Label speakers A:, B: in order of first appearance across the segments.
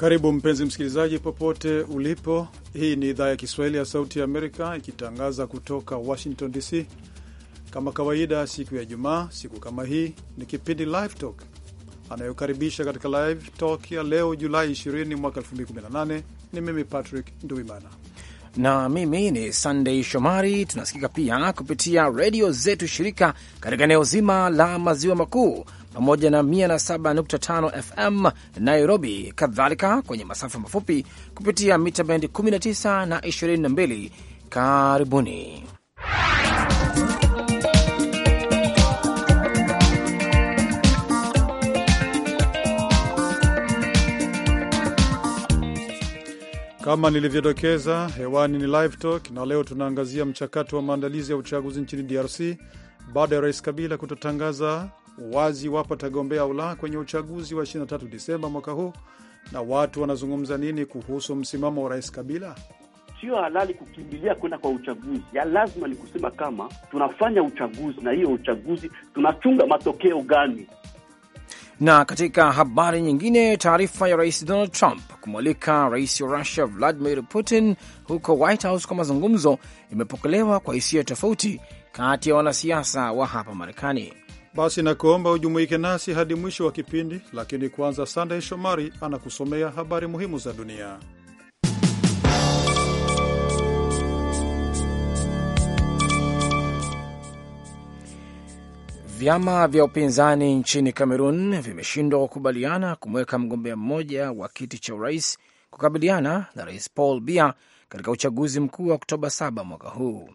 A: Karibu mpenzi msikilizaji, popote ulipo. Hii ni idhaa ya Kiswahili ya Sauti ya Amerika ikitangaza kutoka Washington DC. Kama kawaida, siku ya Jumaa, siku kama hii ni kipindi Live Talk anayokaribisha katika Live Talk ya leo Julai 20 mwaka 2018 ni mimi Patrick Nduimana
B: na mimi ni Sandei Shomari. Tunasikika pia kupitia redio zetu shirika katika eneo zima la maziwa makuu pamoja na 107.5 FM Nairobi, kadhalika kwenye masafa mafupi kupitia mita bendi 19 na 22. Karibuni.
A: Kama nilivyodokeza hewani ni Live Talk, na leo tunaangazia mchakato wa maandalizi ya uchaguzi nchini DRC baada ya Rais Kabila kutotangaza wazi iwapo atagombea au la kwenye uchaguzi wa 23 Disemba mwaka huu, na watu wanazungumza nini kuhusu msimamo wa Rais Kabila?
C: Sio halali kukimbilia kwenda kwa uchaguzi. Ya lazima ni kusema kama tunafanya uchaguzi, na hiyo uchaguzi tunachunga matokeo gani.
B: Na katika habari nyingine, taarifa ya Rais Donald Trump kumwalika rais wa Russia Vladimir Putin huko White House kwa mazungumzo imepokelewa kwa hisia tofauti kati ya wanasiasa wa hapa Marekani.
A: Basi nakuomba ujumuike nasi hadi mwisho wa kipindi, lakini kwanza, Sandey Shomari anakusomea habari muhimu za dunia.
B: Vyama vya upinzani nchini Kamerun vimeshindwa kukubaliana kumweka mgombea mmoja wa kiti cha urais kukabiliana na rais Paul Bia katika uchaguzi mkuu wa Oktoba 7 mwaka huu.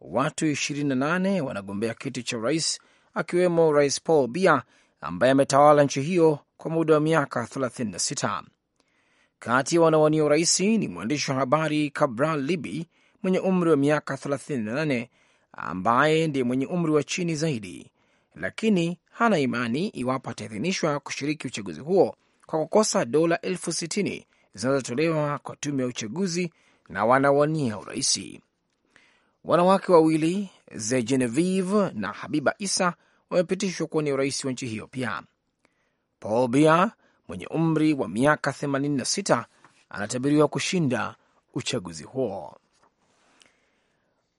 B: Watu 28 wanagombea kiti cha urais akiwemo Rais Paul bia ambaye ametawala nchi hiyo kwa muda wa miaka 36. Kati ya wanawania urais ni mwandishi wa habari Cabral Libi mwenye umri wa miaka 38 ambaye ndiye mwenye umri wa chini zaidi, lakini hana imani iwapo ataidhinishwa kushiriki uchaguzi huo kwa kukosa dola elfu sitini zinazotolewa kwa tume ya uchaguzi na wanawania uraisi. Wanawake wawili zegenevive na Habiba Isa wamepitishwa ni urais wa nchi hiyo pia. Paul bia mwenye umri wa miaka 86 anatabiriwa kushinda uchaguzi huo.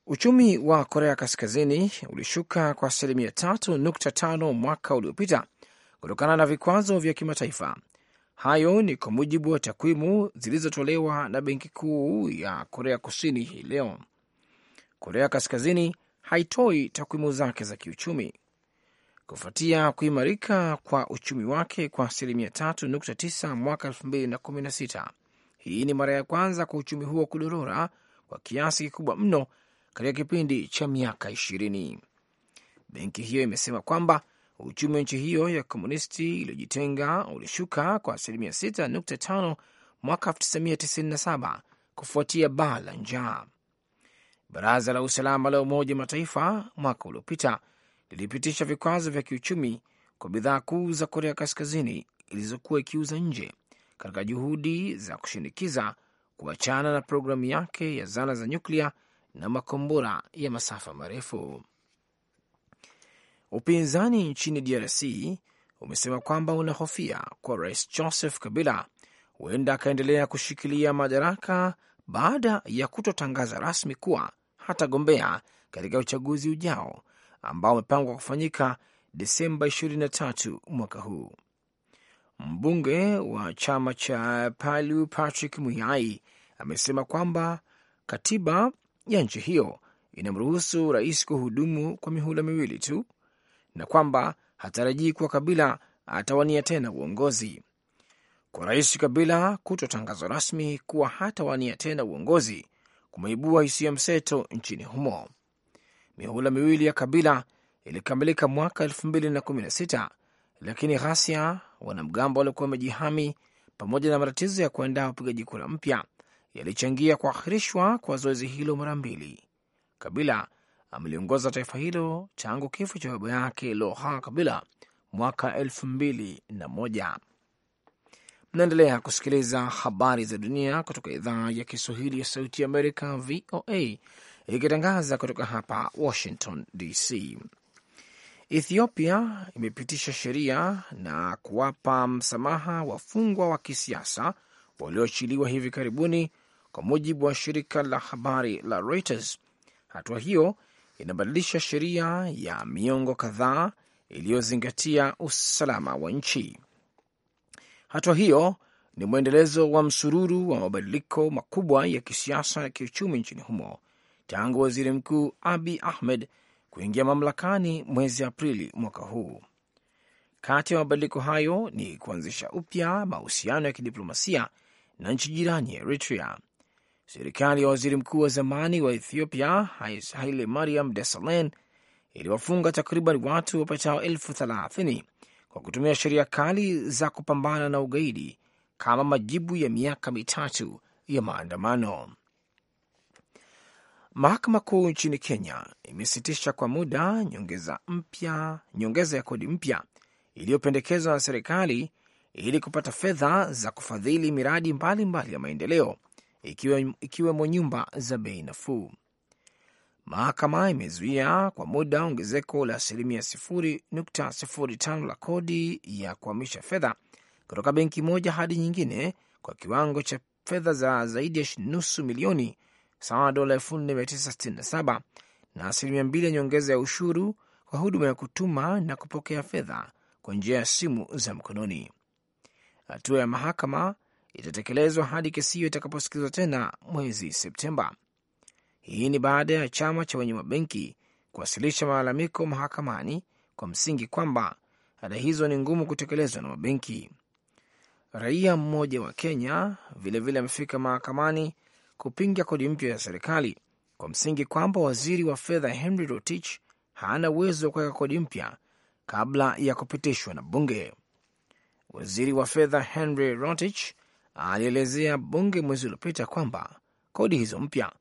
B: Uchumi wa Korea Kaskazini ulishuka kwa asilimia 3.5 mwaka uliopita kutokana na vikwazo vya kimataifa. Hayo ni kwa mujibu wa takwimu zilizotolewa na Benki Kuu ya Korea Kusini hii leo. Korea Kaskazini haitoi takwimu zake za kiuchumi kufuatia kuimarika kwa uchumi wake kwa asilimia tatu nukta tisa mwaka elfu mbili na kumi na sita. Hii ni mara ya kwanza kwa uchumi huo kudorora kwa kiasi kikubwa mno katika kipindi cha miaka ishirini. Benki hiyo imesema kwamba uchumi wa nchi hiyo ya komunisti iliyojitenga ulishuka kwa asilimia 6.5 mwaka 1997 kufuatia baa la njaa. Baraza la usalama la Umoja Mataifa mwaka uliopita lilipitisha vikwazo vya kiuchumi kwa bidhaa kuu za Korea Kaskazini ilizokuwa ikiuza nje katika juhudi za kushinikiza kuachana na programu yake ya zana za nyuklia na makombora ya masafa marefu. Upinzani nchini DRC umesema kwamba unahofia kwa Rais Joseph Kabila huenda akaendelea kushikilia madaraka baada ya kutotangaza rasmi kuwa hatagombea katika uchaguzi ujao ambao umepangwa kufanyika Desemba 23 mwaka huu. Mbunge wa chama cha Palu Patrick Muyai amesema kwamba katiba ya nchi hiyo inamruhusu rais kuhudumu kwa mihula miwili tu na kwamba hatarajii kuwa Kabila atawania tena uongozi. Kwa rais Kabila kutotangazwa rasmi kuwa hatawania tena uongozi kumeibua hisia mseto nchini humo mihula miwili ya Kabila ilikamilika mwaka 2016 lakini ghasia, wanamgambo waliokuwa wamejihami, pamoja na matatizo ya kuandaa upigaji kura mpya yalichangia kuahirishwa kwa zoezi hilo mara mbili. Kabila ameliongoza taifa hilo tangu kifo cha baba yake Loha Kabila mwaka moja. Mnaendelea kusikiliza habari za dunia kutoka idhaa ya Kiswahili ya Sauti ya Amerika, VOA, ikitangaza kutoka hapa Washington DC. Ethiopia imepitisha sheria na kuwapa msamaha wafungwa wa kisiasa walioachiliwa hivi karibuni, kwa mujibu wa shirika la habari la Reuters. Hatua hiyo inabadilisha sheria ya miongo kadhaa iliyozingatia usalama wa nchi. Hatua hiyo ni mwendelezo wa msururu wa mabadiliko makubwa ya kisiasa na kiuchumi nchini humo tangu waziri mkuu Abi Ahmed kuingia mamlakani mwezi Aprili mwaka huu. Kati ya mabadiliko hayo ni kuanzisha upya mahusiano ya kidiplomasia na nchi jirani ya Eritrea. Serikali ya waziri mkuu wa zamani wa Ethiopia Haile Mariam Desalegn iliwafunga takriban watu wapatao elfu thelathini kwa kutumia sheria kali za kupambana na ugaidi kama majibu ya miaka mitatu ya maandamano. Mahakama Kuu nchini Kenya imesitisha kwa muda nyongeza mpya nyongeza ya kodi mpya iliyopendekezwa na serikali ili kupata fedha za kufadhili miradi mbalimbali mbali ya maendeleo ikiwemo ikiwe nyumba za bei nafuu. Mahakama imezuia kwa muda ongezeko la asilimia 0.05 la kodi ya kuhamisha fedha kutoka benki moja hadi nyingine kwa kiwango cha fedha za zaidi ya nusu milioni sawa na dola elfu nne mia tisa sitini na saba na asilimia mbili ya nyongeza ya ushuru kwa huduma ya kutuma na kupokea fedha kwa njia ya simu za mkononi. Hatua ya mahakama itatekelezwa hadi kesi hiyo itakaposikilizwa tena mwezi Septemba. Hii ni baada ya chama cha wenye mabenki kuwasilisha malalamiko mahakamani kwa msingi kwamba ada hizo ni ngumu kutekelezwa na mabenki. Raia mmoja wa Kenya vilevile amefika vile mahakamani kupinga kodi mpya ya serikali kwa msingi kwamba waziri wa fedha Henry Rotich hana uwezo wa kuweka kodi mpya kabla ya kupitishwa na bunge. Waziri wa fedha Henry Rotich alielezea bunge mwezi uliopita kwamba kodi hizo mpya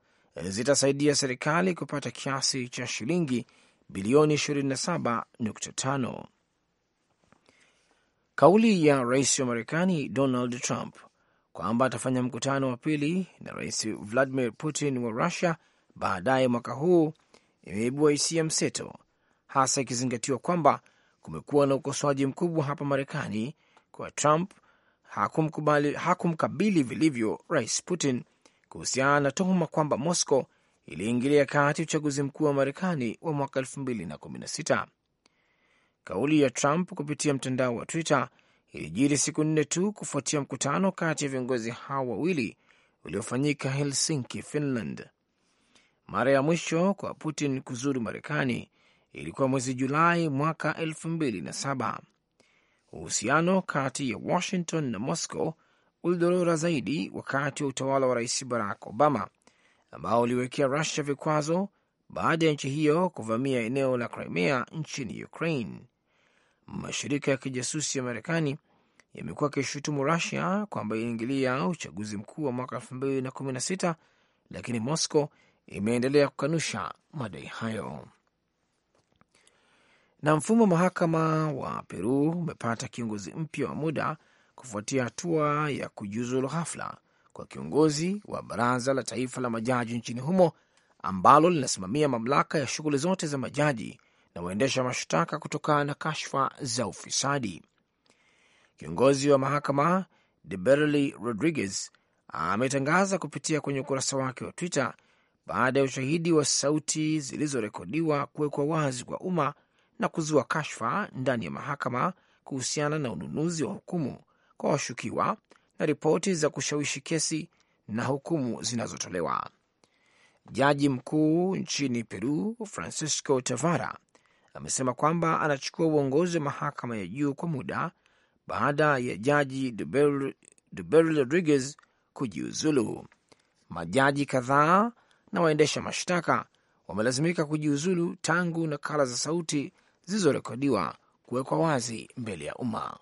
B: zitasaidia serikali kupata kiasi cha shilingi bilioni 27.5. Kauli ya rais wa Marekani Donald Trump kwamba atafanya mkutano wa pili na rais Vladimir Putin wa Russia baadaye mwaka huu imeibua hisia mseto, hasa ikizingatiwa kwamba kumekuwa na ukosoaji mkubwa hapa Marekani kwa Trump hakumkubali, hakumkabili vilivyo rais Putin kuhusiana na tuhuma kwamba Moscow iliingilia kati uchaguzi mkuu wa Marekani wa mwaka 2016. Kauli ya Trump kupitia mtandao wa Twitter ilijiri siku nne tu kufuatia mkutano kati ya viongozi hao wawili uliofanyika Helsinki, Finland. Mara ya mwisho kwa Putin kuzuru Marekani ilikuwa mwezi Julai mwaka 2007. Uhusiano kati ya Washington na Moscow ulidorora zaidi wakati wa utawala wa Rais Barack Obama ambao uliwekea Rusia vikwazo baada ya nchi hiyo kuvamia eneo la Crimea nchini Ukraine mashirika ya kijasusi ya Marekani yamekuwa akishutumu Rusia kwamba iliingilia uchaguzi mkuu wa mwaka elfu mbili na kumi na sita, lakini Moscow imeendelea kukanusha madai hayo. Na mfumo wa mahakama wa Peru umepata kiongozi mpya wa muda kufuatia hatua ya kujiuzulu ghafla kwa kiongozi wa baraza la taifa la majaji nchini humo ambalo linasimamia mamlaka ya shughuli zote za majaji na waendesha mashtaka kutokana na kashfa za ufisadi. Kiongozi wa mahakama Deberly Rodriguez ametangaza kupitia kwenye ukurasa wake wa Twitter baada ya ushahidi wa sauti zilizorekodiwa kuwekwa wazi kwa umma na kuzua kashfa ndani ya mahakama kuhusiana na ununuzi wa hukumu kwa washukiwa na ripoti za kushawishi kesi na hukumu zinazotolewa. Jaji mkuu nchini Peru Francisco Tavara amesema kwamba anachukua uongozi wa mahakama ya juu kwa muda baada ya jaji Duberville Rodriguez kujiuzulu. Majaji kadhaa na waendesha mashtaka wamelazimika kujiuzulu tangu nakala za sauti zilizorekodiwa kuwekwa wazi mbele ya umma.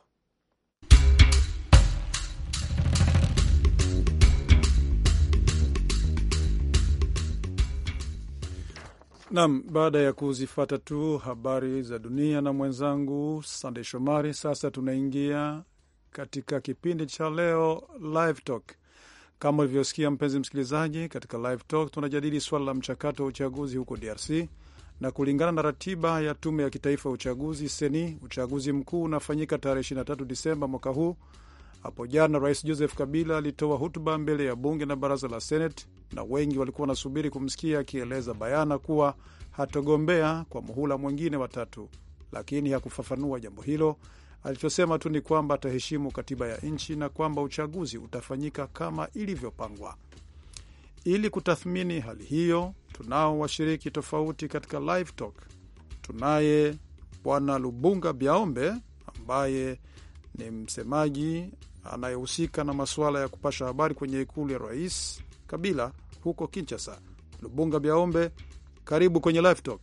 A: Nam, baada ya kuzifata tu habari za dunia na mwenzangu Sandey Shomari, sasa tunaingia katika kipindi cha leo Live Talk. Kama ulivyosikia mpenzi msikilizaji, katika Live Talk tunajadili swala la mchakato wa uchaguzi huko DRC na kulingana na ratiba ya tume ya kitaifa ya uchaguzi seni, uchaguzi mkuu unafanyika tarehe 23 Disemba mwaka huu, hapo jana Rais Joseph Kabila alitoa hutuba mbele ya bunge na baraza la Seneti, na wengi walikuwa wanasubiri kumsikia akieleza bayana kuwa hatogombea kwa muhula mwingine watatu, lakini hakufafanua jambo hilo. Alichosema tu ni kwamba ataheshimu katiba ya nchi na kwamba uchaguzi utafanyika kama ilivyopangwa. Ili kutathmini hali hiyo, tunao washiriki tofauti katika Live Talk. Tunaye Bwana Lubunga Biaombe ambaye ni msemaji anayehusika na masuala ya kupasha habari kwenye ikulu ya Rais Kabila huko Kinshasa. Lubunga Biaombe, karibu kwenye Live Talk.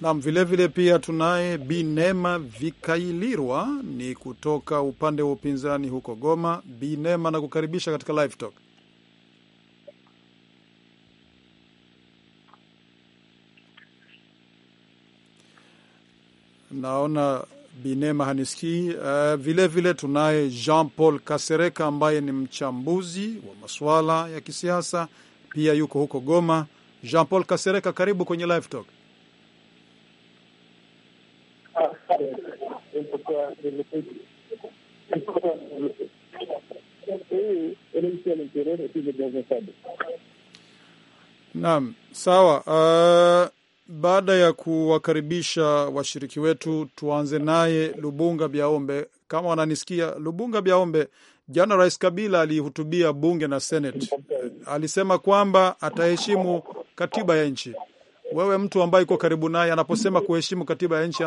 A: Naam, vilevile pia tunaye binema Vikailirwa, ni kutoka upande wa upinzani huko Goma. binema na nakukaribisha katika Live Talk. naona Binema hanisikii. Uh, eh, vilevile tunaye Jean Paul Kasereka ambaye ni mchambuzi wa masuala ya kisiasa pia yuko huko Goma. Jean Paul Kasereka, karibu kwenye Live Talk. Naam, sawa. Uh, baada ya kuwakaribisha washiriki wetu, tuanze naye Lubunga Biaombe. Kama wananisikia, Lubunga Biaombe, jana Rais Kabila alihutubia bunge na Senate, alisema kwamba ataheshimu katiba ya nchi. Wewe mtu ambaye iko karibu naye, anaposema kuheshimu katiba ya nchi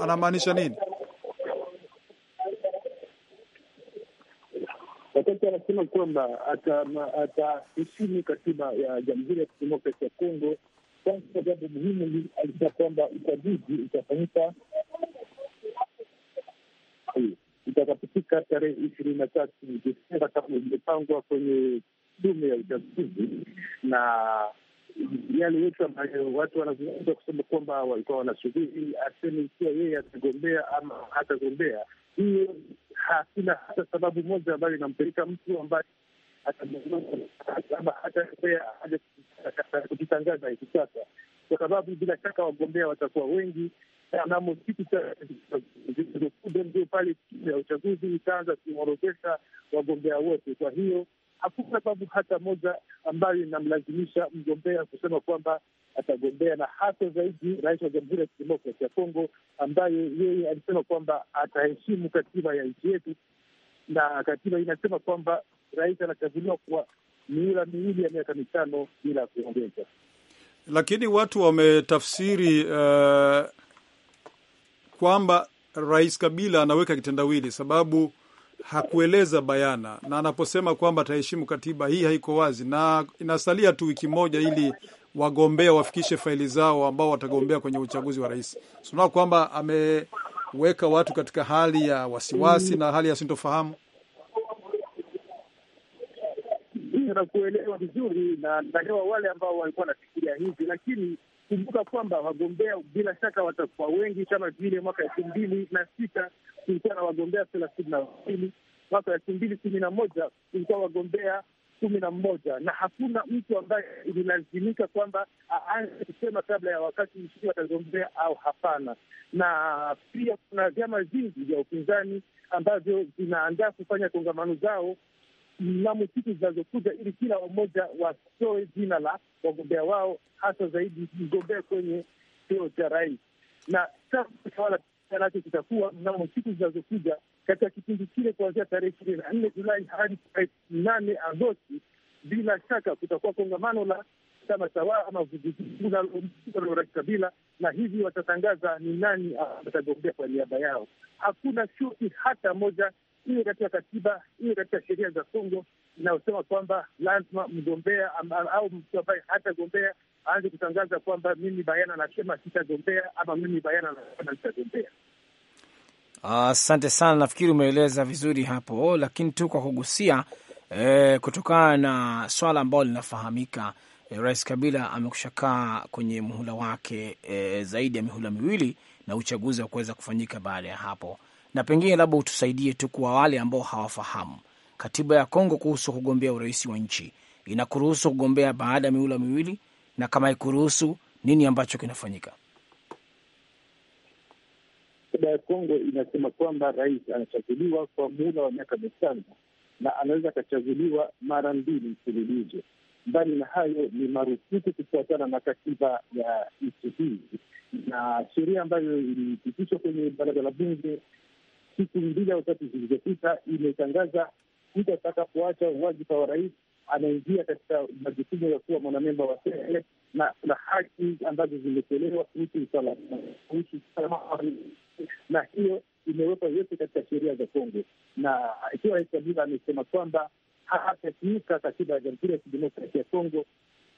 A: anamaanisha nini?
D: Wakati anasema kwamba ataheshimu katiba ya Jamhuri ya Kidemokrasia ya Kongo kwanza, jambo muhimu alisema kwamba uchaguzi utafanyika utakapotika tarehe ishirini na tatu Desemba kama imepangwa kwenye tume ya uchaguzi, na yale yetu ambayo watu wanazungumza kusema kwamba walikuwa wanasubiri aseme ikiwa yeye atagombea ama hatagombea, hiyo hakuna hata sababu moja ambayo inampeleka mtu ambaye ama hata kujitangaza hivi sasa, kwa sababu bila shaka wagombea watakuwa wengi. Mnamo siku zilizokuja ndio pale tume ya uchaguzi itaanza kuorodhesha wagombea wote. Kwa hiyo hakuna sababu hata moja ambayo inamlazimisha mgombea kusema kwamba atagombea, na hasa zaidi rais wa Jamhuri ya Kidemokrasi ya Kongo ambaye yeye alisema kwamba ataheshimu katiba ya nchi yetu, na katiba inasema kwamba rais anakabiliwa kwa miula miwili ya miaka mitano bila kuongeza.
A: Lakini watu wametafsiri uh, kwamba rais Kabila anaweka kitendawili, sababu hakueleza bayana, na anaposema kwamba ataheshimu katiba hii haiko wazi, na inasalia tu wiki moja ili wagombea wafikishe faili zao ambao watagombea kwenye uchaguzi wa rais. Sunaa kwamba ameweka watu katika hali ya wasiwasi mm. na hali ya sintofahamu.
D: na kuelewa vizuri, na naelewa wale ambao walikuwa wanafikiria hivi, lakini kumbuka kwamba wagombea bila shaka watakuwa wengi. Kama vile mwaka elfu mbili na sita kulikuwa na wagombea thelathini na wawili mwaka elfu mbili kumi na moja kulikuwa wagombea kumi na mmoja na hakuna mtu ambaye ililazimika kwamba aanze kusema kabla ya wakati mshindi watagombea au hapana. Na pia kuna vyama vingi vya upinzani ambavyo vinaandaa kufanya kongamano zao mnamo siku zinazokuja, ili kila mmoja watoe jina la wagombea wao, hasa zaidi mgombea kwenye cheo cha rais. Na chama tawala nacho kitakuwa mnamo siku zinazokuja katika kipindi kile kuanzia tarehe ishirini na nne Julai hadi tarehe nane Agosti. Bila shaka kutakuwa kongamano la chama tawala ama vuguvugu la Kabila, na hivi watatangaza ni nani watagombea kwa niaba yao. Hakuna shuti hata moja iwe katika katiba, iwe katika sheria za Kongo inayosema kwamba lazima mgombea au mtu ambaye hatagombea aanze kutangaza kwamba mimi bayana anasema sitagombea ama mimi bayana anasema nitagombea.
B: Asante uh, sana. Nafikiri umeeleza vizuri hapo, lakini tu kwa kugusia eh, kutokana na swala ambalo linafahamika eh, Rais Kabila amekusha kaa kwenye muhula wake eh, zaidi ya mihula miwili na uchaguzi wa kuweza kufanyika baada ya hapo na pengine labda utusaidie tu kwa wale ambao hawafahamu katiba ya Kongo kuhusu kugombea urais wa nchi inakuruhusu kugombea baada ya miula miwili, na kama ikuruhusu, nini ambacho kinafanyika?
D: Katiba ya Kongo inasema kwamba rais anachaguliwa kwa muda wa miaka mitano na anaweza akachaguliwa mara mbili mfululizo. Mbali na hayo, ni marufuku kufuatana na katiba ya nchi hii na sheria ambayo ilipitishwa kwenye baraza la bunge siku mbili au tatu zilizopita imetangaza mtu ataka kuacha uwajiba wa rais anaingia katika majukumu ya kuwa mwanamemba wa Senate na haki ambazo zimetolewa kuhusu usalama na hiyo imewekwa yote katika sheria za Kongo, na ikiwa Rais Kabila amesema kwamba hatakiuka katiba ya Jamhuri ya Kidemokrasia ya Kongo,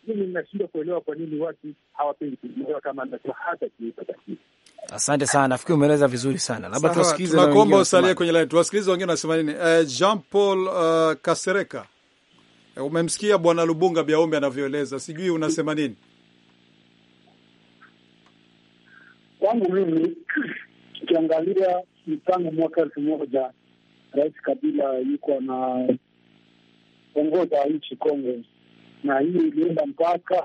D: mimi ninashindwa kuelewa kwa nini watu hawapendi kuelewa kama anasema hatakiuka katiba.
B: Asante sana, nafikiri umeeleza vizuri sana. Labda tuwasikilize, tunakuomba usalie
A: kwenye laini, tuwasikilize wengine wanasema nini. Uh, eh, Jean Paul uh, eh, Kasereka, eh, umemsikia Bwana Lubunga Biaombe anavyoeleza, sijui unasema nini?
D: Kwangu mimi ukiangalia ni tangu mwaka elfu moja Rais Kabila yuko na ongoza nchi Kongo na hiyo ilienda mpaka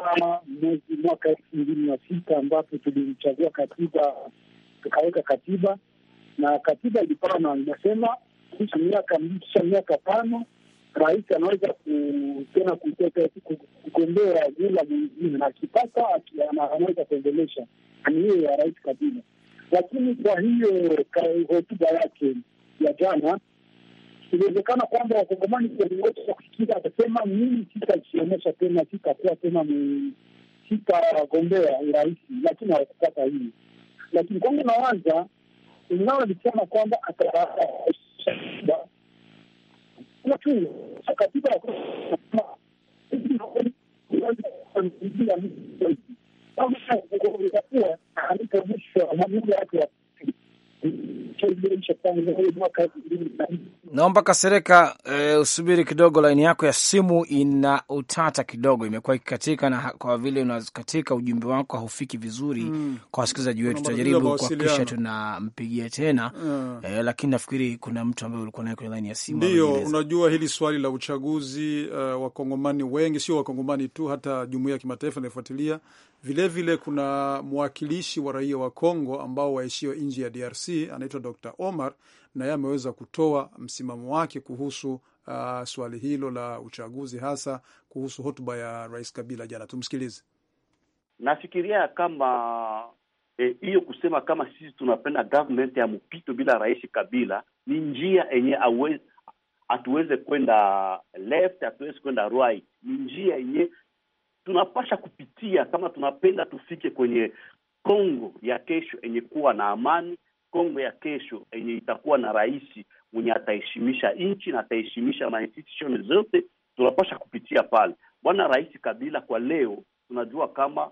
D: mwezi mwaka elfu mbili na sita ambapo tulimchagua katiba, tukaweka katiba na katiba ilikuwa na inasema kisha miaka kisha miaka tano rais anaweza tena kugombea jula mwingine, na akipata anaweza kuendelesha. Ni hiyo ya rais Kabila, lakini kwa hiyo hotuba yake ya jana Iliwezekana kwamba wakongomani wote wakusikiza, akasema mimi sitajionyesha tena, sitakuwa tena, sitagombea urais, lakini hawakupata hii. Lakini kwangu nawaza ingawa alisema kwamba katiba mwaka elfu mbili na nne
B: Naomba Kasereka, e, eh, usubiri kidogo, laini yako ya simu ina utata kidogo, imekuwa ikikatika, na kwa vile unakatika ujumbe wako haufiki vizuri mm. kwa wasikilizaji wetu, tutajaribu kuhakikisha tunampigia tena mm. e, lakini nafikiri kuna mtu ambaye ulikuwa naye kwenye laini ya simu. Ndio, unajua
A: hili swali la uchaguzi uh, wakongomani wengi, sio wakongomani tu, hata jumuia ya kimataifa inayofuatilia vilevile. Kuna mwakilishi wa raia wa Kongo ambao waishio nje ya DRC anaitwa Dr Omar na yeye ameweza kutoa msimamo wake kuhusu uh, swali hilo la uchaguzi, hasa kuhusu hotuba ya Rais Kabila jana. Tumsikilize.
C: Nafikiria kama eh, hiyo e, kusema kama sisi tunapenda government ya mpito bila Rais Kabila ni njia yenye hatuweze kwenda left, hatuwezi kwenda right, ni njia yenye tunapasha kupitia kama tunapenda tufike kwenye Kongo ya kesho yenye kuwa na amani Kongo ya kesho yenye itakuwa na rais mwenye ataheshimisha nchi na ataheshimisha mainstitution zote, tunapasha kupitia pale. Bwana Rais Kabila kwa leo tunajua kama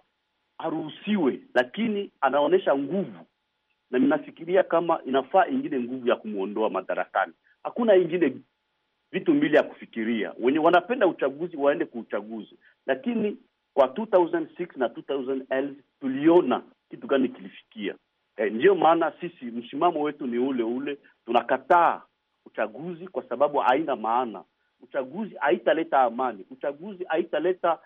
C: haruhusiwe, lakini anaonyesha nguvu, na ninafikiria kama inafaa ingine nguvu ya kumwondoa madarakani. Hakuna ingine vitu mbili ya kufikiria. Wenye wanapenda uchaguzi waende kuuchaguzi, lakini kwa 2006 na 2011 tuliona kitu gani kilifikia eh, ndiyo maana sisi msimamo wetu ni ule ule, tunakataa uchaguzi kwa sababu haina maana. Uchaguzi haitaleta amani, uchaguzi haitaleta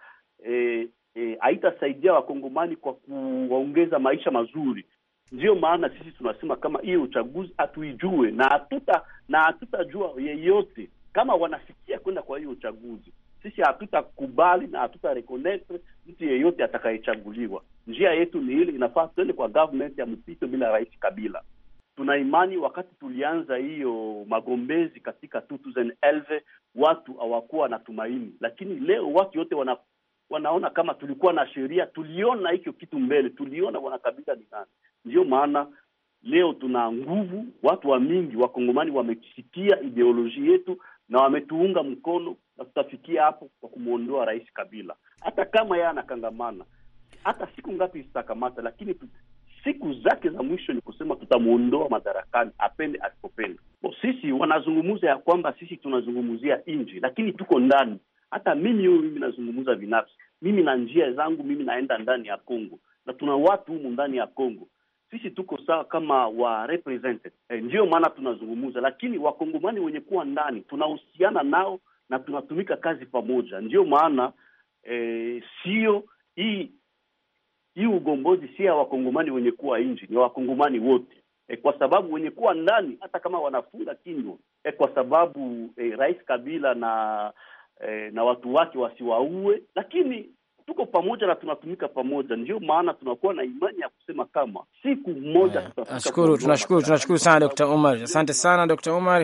C: eh, eh, haitasaidia wakongomani kwa kuwaongeza maisha mazuri. Ndiyo maana sisi tunasema kama hiyo uchaguzi hatuijue na hatuta na hatutajua yeyote kama wanafikia kwenda kwa hiyo uchaguzi. Sisi hatutakubali na hatutareconnect mtu yeyote atakayechaguliwa. Njia yetu ni ile, inafaa tuende kwa government ya mpito bila Rais Kabila. Tuna imani wakati tulianza hiyo magombezi katika 2011 watu hawakuwa na tumaini, lakini leo watu wote wana, wanaona kama tulikuwa na sheria, tuliona hicho kitu mbele, tuliona bwana Kabila ni nani. Ndiyo maana leo tuna nguvu, watu wa mingi wakongomani wamesikia ideoloji yetu na wametuunga mkono, na tutafikia hapo kwa kumwondoa Rais Kabila, hata kama yeye anakangamana hata siku ngapi zitakamata, lakini siku zake za mwisho ni kusema tutamwondoa madarakani apende asipopenda. Sisi wanazungumza ya kwamba sisi tunazungumzia nje, lakini tuko ndani. Hata mimi huyu, mimi nazungumza binafsi, mimi na njia zangu, mimi naenda ndani ya Kongo na tuna watu humu ndani ya Kongo. Sisi tuko sawa kama wa represented eh, ndiyo maana tunazungumza, lakini wakongomani wenye kuwa ndani tunahusiana nao na tunatumika kazi pamoja. Ndiyo maana eh, sio hii hii ugombozi si ya wakongomani wenye kuwa nje, ni wakongomani wote e, kwa sababu wenye kuwa ndani hata kama wanafunga kinywa e, kwa sababu e, Rais Kabila na e, na watu wake wasiwaue, lakini tuko pamoja na tunatumika pamoja, ndio maana tunakuwa na imani ya kusema kama siku moja eh, tutafika. Tunashukuru, tunashukuru,
B: tunashukuru sana Dr. Omar, asante sana Dr. Umar.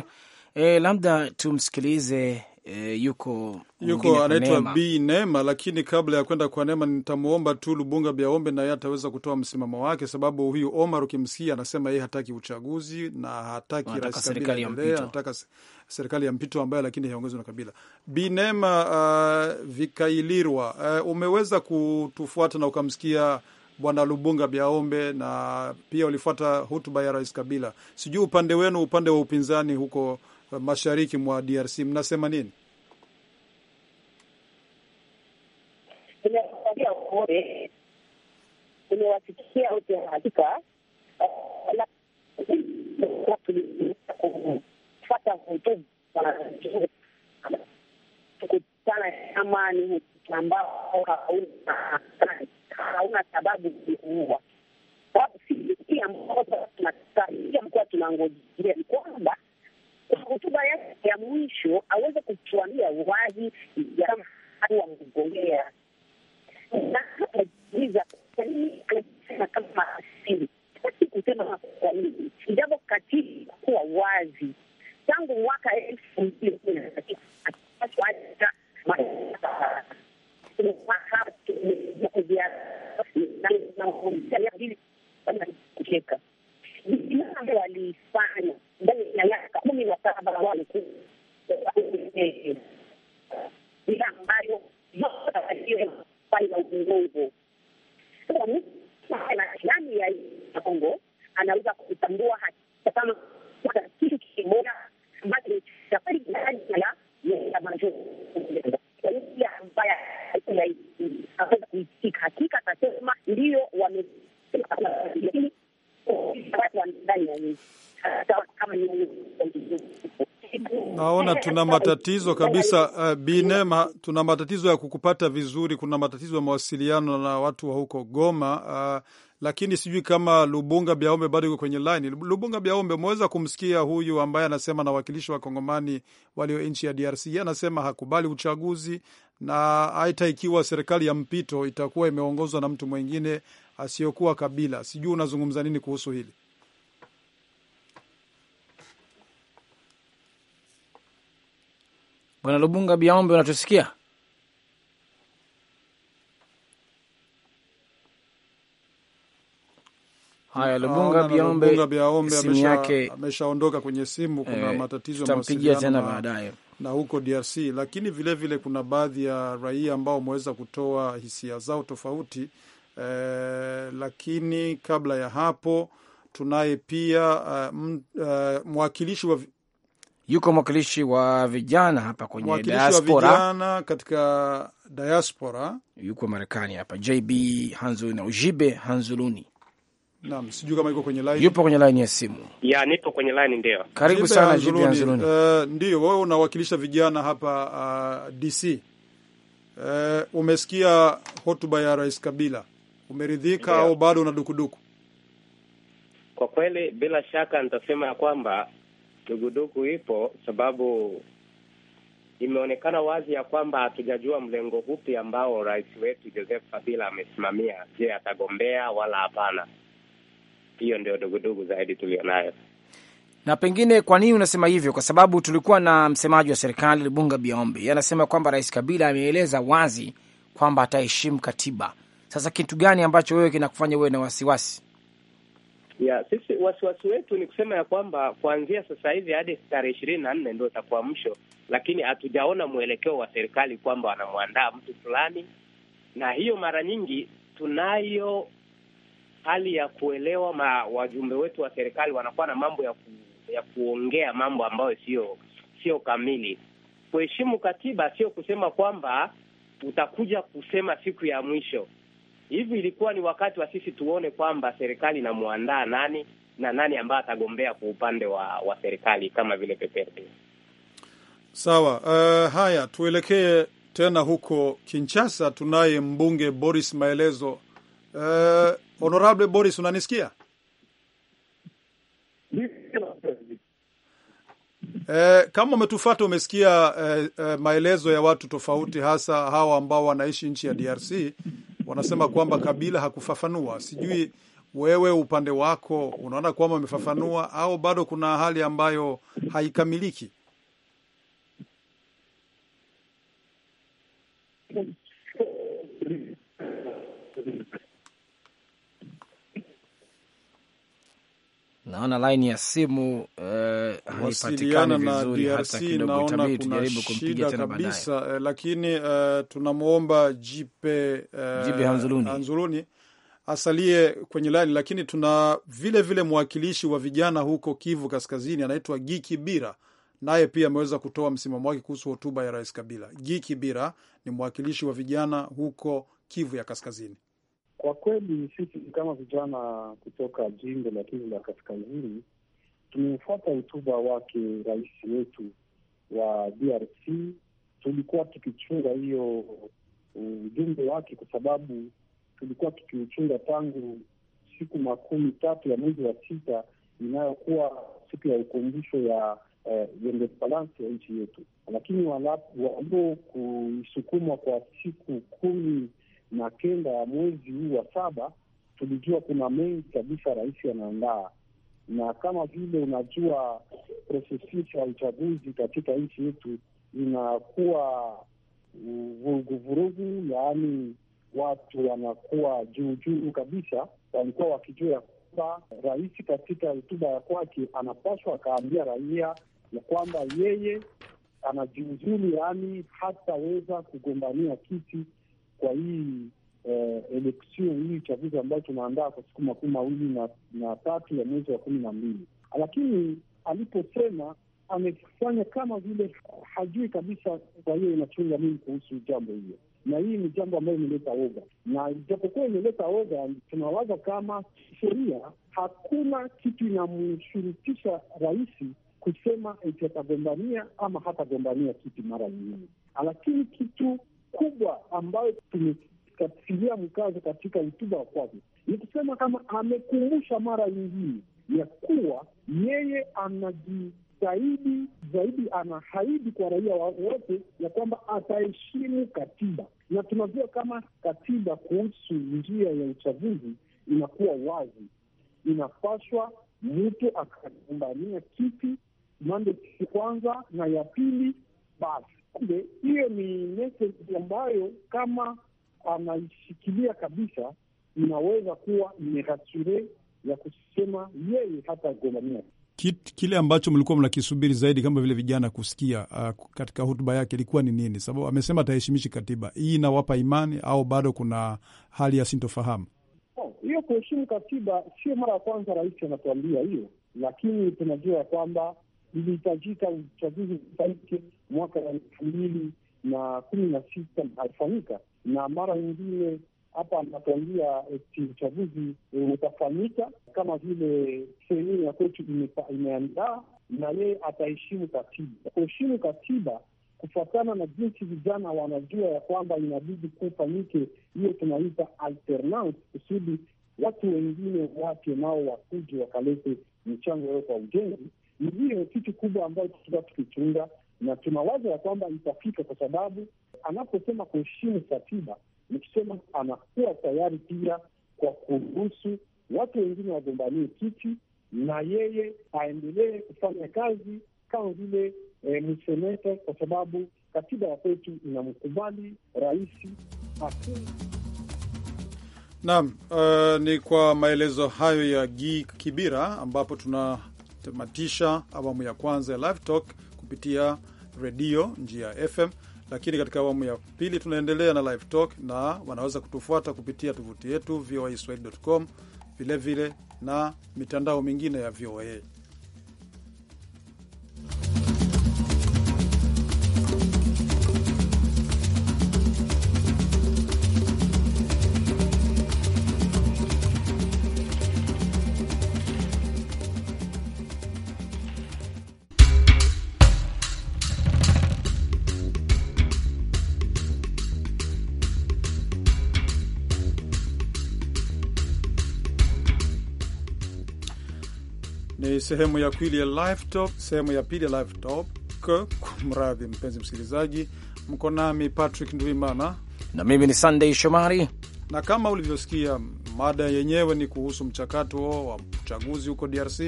B: E, eh, labda tumsikilize
A: E, yuko yuko anaitwa B Nema, lakini kabla ya kwenda kwa Nema nitamwomba tu Lubunga Biaombe, naye ataweza kutoa msimamo wake, sababu huyu Omar ukimsikia anasema yeye hataki uchaguzi na hataki rais Kabila, anataka serikali ya mpito ambayo lakini haiongozwi na Kabila. B Nema uh, vikailirwa uh, umeweza kutufuata na ukamsikia Bwana Lubunga Biaombe na pia ulifuata hotuba ya rais Kabila. Sijui upande wenu, upande wa upinzani huko mashariki mwa DRC mnasema nini?
D: Tumewasikia wote, hakika kufata kukutana ambao hauna sababu ambao tunangojea ni kwamba hotuba yake ya mwisho aweze kutuambia wazi wa mgombea anasema kama asili si kusema kwa nini ijapo katiba kuwa wazi tangu mwaka elfu mbili kumi na tisa vinavyo walifanya ndani ya miaka kumi na saba walikuwa ambayo yote waliyofanya uongozi ndani ya Kongo anaweza kutambua hata kama kitu kimoja ambacho cha kweli la ya majo ambaye aweza kuitika hakika atasema ndiyo wame Naona tuna matatizo kabisa,
A: uh, eh, Binema, tuna matatizo ya kukupata vizuri. Kuna matatizo ya mawasiliano na watu wa huko Goma, uh, lakini sijui kama Lubunga Biaombe bado yuko kwenye line. Lubunga Biaombe, umeweza kumsikia huyu ambaye anasema na wakilishi wa Kongomani walio nchi ya DRC? Yeye anasema hakubali uchaguzi na hata ikiwa serikali ya mpito itakuwa imeongozwa na mtu mwingine asiyokuwa kabila. Sijui unazungumza nini kuhusu hili?
B: Bwana Lubunga Biaombe, unatusikia?
A: Haya, Lubunga Biaombe simu yake ameshaondoka kwenye simu. Kuna e, matatizo tutampigia tena baadaye na huko DRC, lakini vilevile vile kuna baadhi ya raia ambao wameweza kutoa hisia zao tofauti eh, lakini kabla ya hapo tunaye pia uh, m, uh, mwakilishi wa yuko mwakilishi wa vijana hapa kwenye diaspora, vijana katika diaspora
B: yuko Marekani hapa, JB Hanzulu na Ujibe Hanzuluni.
A: Naam, sijui kama yuko kwenye line. Yupo
B: kwenye line ya
E: simu.
A: Ya, nipo kwenye line ndio. Karibu Jibe sana Jibe Hanzuluni. Uh, ndio wewe unawakilisha vijana hapa uh, ah, DC. Uh, umesikia hotuba ya Rais Kabila Umeridhika au bado una dukuduku?
E: Kwa kweli, bila shaka nitasema ya kwamba dukuduku ipo, sababu imeonekana wazi ya kwamba hatujajua mlengo upi ambao rais wetu Joseph Kabila amesimamia. Je, atagombea wala hapana? Hiyo ndio dugudugu zaidi tulionayo.
B: Na pengine kwa nini unasema hivyo? Kwa sababu tulikuwa na msemaji wa serikali Lubunga Biombi, anasema kwamba rais Kabila ameeleza wazi kwamba ataheshimu katiba sasa kitu gani ambacho wewe kinakufanya wewe na wasiwasi?
E: Ya, sisi wasiwasi wetu ni kusema ya kwamba kuanzia sasa hivi hadi tarehe ishirini na nne ndio itakuwa mwisho, lakini hatujaona mwelekeo wa serikali kwamba wanamwandaa mtu fulani, na hiyo mara nyingi tunayo hali ya kuelewa ma, wajumbe wetu wa serikali wanakuwa na mambo ya, ku, ya kuongea mambo ambayo sio sio kamili. Kuheshimu katiba sio kusema kwamba utakuja kusema siku ya mwisho hivi ilikuwa ni wakati wa sisi tuone kwamba serikali inamwandaa nani na nani ambaye atagombea kwa upande wa, wa serikali kama vile Pepepe.
A: Sawa. Uh, haya tuelekee tena huko Kinshasa, tunaye mbunge Boris Maelezo. Uh, Honorable Boris, unanisikia? Eh, kama umetufata umesikia eh, eh, maelezo ya watu tofauti, hasa hawa ambao wanaishi nchi ya DRC wanasema kwamba Kabila hakufafanua. Sijui wewe upande wako unaona kwamba amefafanua au bado kuna hali ambayo haikamiliki?
B: Naona laini ya simu uh, haipatikani vizuri hata kidogo, itabidi tujaribu kumpigia tena baadaye,
A: eh, lakini uh, tunamwomba Jipe, uh, Jipe Hanzuluni, Hanzuluni asalie kwenye laini, lakini tuna vile vile mwakilishi wa vijana huko Kivu Kaskazini anaitwa Giki Bira, naye pia ameweza kutoa msimamo wake kuhusu hotuba ya Rais Kabila. Giki Bira ni mwakilishi wa vijana huko Kivu ya Kaskazini.
D: Kwa kweli sisi kama vijana kutoka jimbo la Kivu la Kaskazini tumefuata hotuba wake rais wetu wa DRC. Tulikuwa tukichunga hiyo ujumbe wake kwa sababu tulikuwa tukiuchunga tangu siku makumi tatu ya mwezi wa sita inayokuwa siku ya ukumbusho ya independence eh, ya nchi yetu, lakini kuisukumwa kwa siku kumi na kenda ya mwezi huu wa saba, tulijua kuna mengi kabisa rais anaandaa, na kama vile unajua prosesi ya uchaguzi katika nchi yetu inakuwa vuruguvurugu, yaani watu wanakuwa juujuu kabisa. Walikuwa wakijua ya kwamba rais katika hotuba ya kwake anapaswa akaambia raia ya kwamba yeye anajiuzulu, yaani hataweza kugombania kiti kwa hii eh, election hii uchaguzi ambayo tunaandaa kwa siku makumi mawili na, na tatu ya mwezi wa kumi na mbili, lakini aliposema amefanya kama vile hajui kabisa. Kwa hiyo inachunga mimi kuhusu jambo hiyo, na hii ni jambo ambayo imeleta oga, na ijapokuwa imeleta oga, tunawaza kama sheria, hakuna kitu inamshurutisha rais kusema eti atagombania ama hatagombania kiti mara nyingine, lakini kitu kubwa ambayo tumekatilia mkazo katika hotuba ya kwake ni kusema kama amekumbusha mara nyingine ya kuwa yeye anajitahidi zaidi, anahaidi kwa raia wote ya kwamba ataheshimu katiba, na tunajua kama katiba kuhusu njia ya uchaguzi inakuwa wazi, inapaswa mtu akagombania kiti mande kwanza na ya pili basi Kumbe hiyo ni message ambayo kama anaishikilia kabisa, inaweza kuwa imerasure ya kusema yeye hatagombania
A: kile ambacho mlikuwa mnakisubiri zaidi kama vile vijana kusikia uh, katika hotuba yake ilikuwa ni nini? Sababu amesema ataheshimishi katiba. Hii inawapa imani au bado kuna hali ya sintofahamu
D: oh, hiyo? Oh, kuheshimu katiba sio mara ya kwanza rais anatuambia hiyo, lakini tunajua ya kwamba ilihitajika uchaguzi ufanyike mwaka wa elfu mbili na kumi na sita alifanyika, na mara nyingine hapa anatuambia uchaguzi utafanyika kama vile sehemu ya kwetu imeandaa, na yeye ataheshimu katiba. Kuheshimu katiba kufuatana na jinsi vijana wanajua ya kwamba inabidi kufanyike hiyo, tunaita alternance, kusudi watu wengine wake nao wakuji wakalete mchango yao kwa ujenzi. Ni hiyo kitu kubwa ambayo tuta tukichunga na tunawaza ya kwamba itafika, kwa sababu anaposema kuheshimu katiba ni kusema anakuwa tayari pia kwa kuruhusu watu wengine wagombanie kiti na yeye aendelee kufanya kazi kama vile e, eh, mseneta, kwa sababu katiba ya kwetu inamkubali rais aku
A: Naam, uh, ni kwa maelezo hayo ya Gi Kibira ambapo tunatamatisha awamu ya kwanza ya Live Talk kupitia redio njia ya FM, lakini katika awamu ya pili tunaendelea na live talk, na wanaweza kutufuata kupitia tovuti yetu voaswahili.com, vilevile na mitandao mingine ya VOA. Ni sehemu ya pili ya live talk, sehemu ya pili ya live talk. Kumradhi mpenzi msikilizaji, mko nami Patrick Ndwimana
B: na mimi ni Sunday Shomari,
A: na kama ulivyosikia, mada yenyewe ni kuhusu mchakato wa uchaguzi huko DRC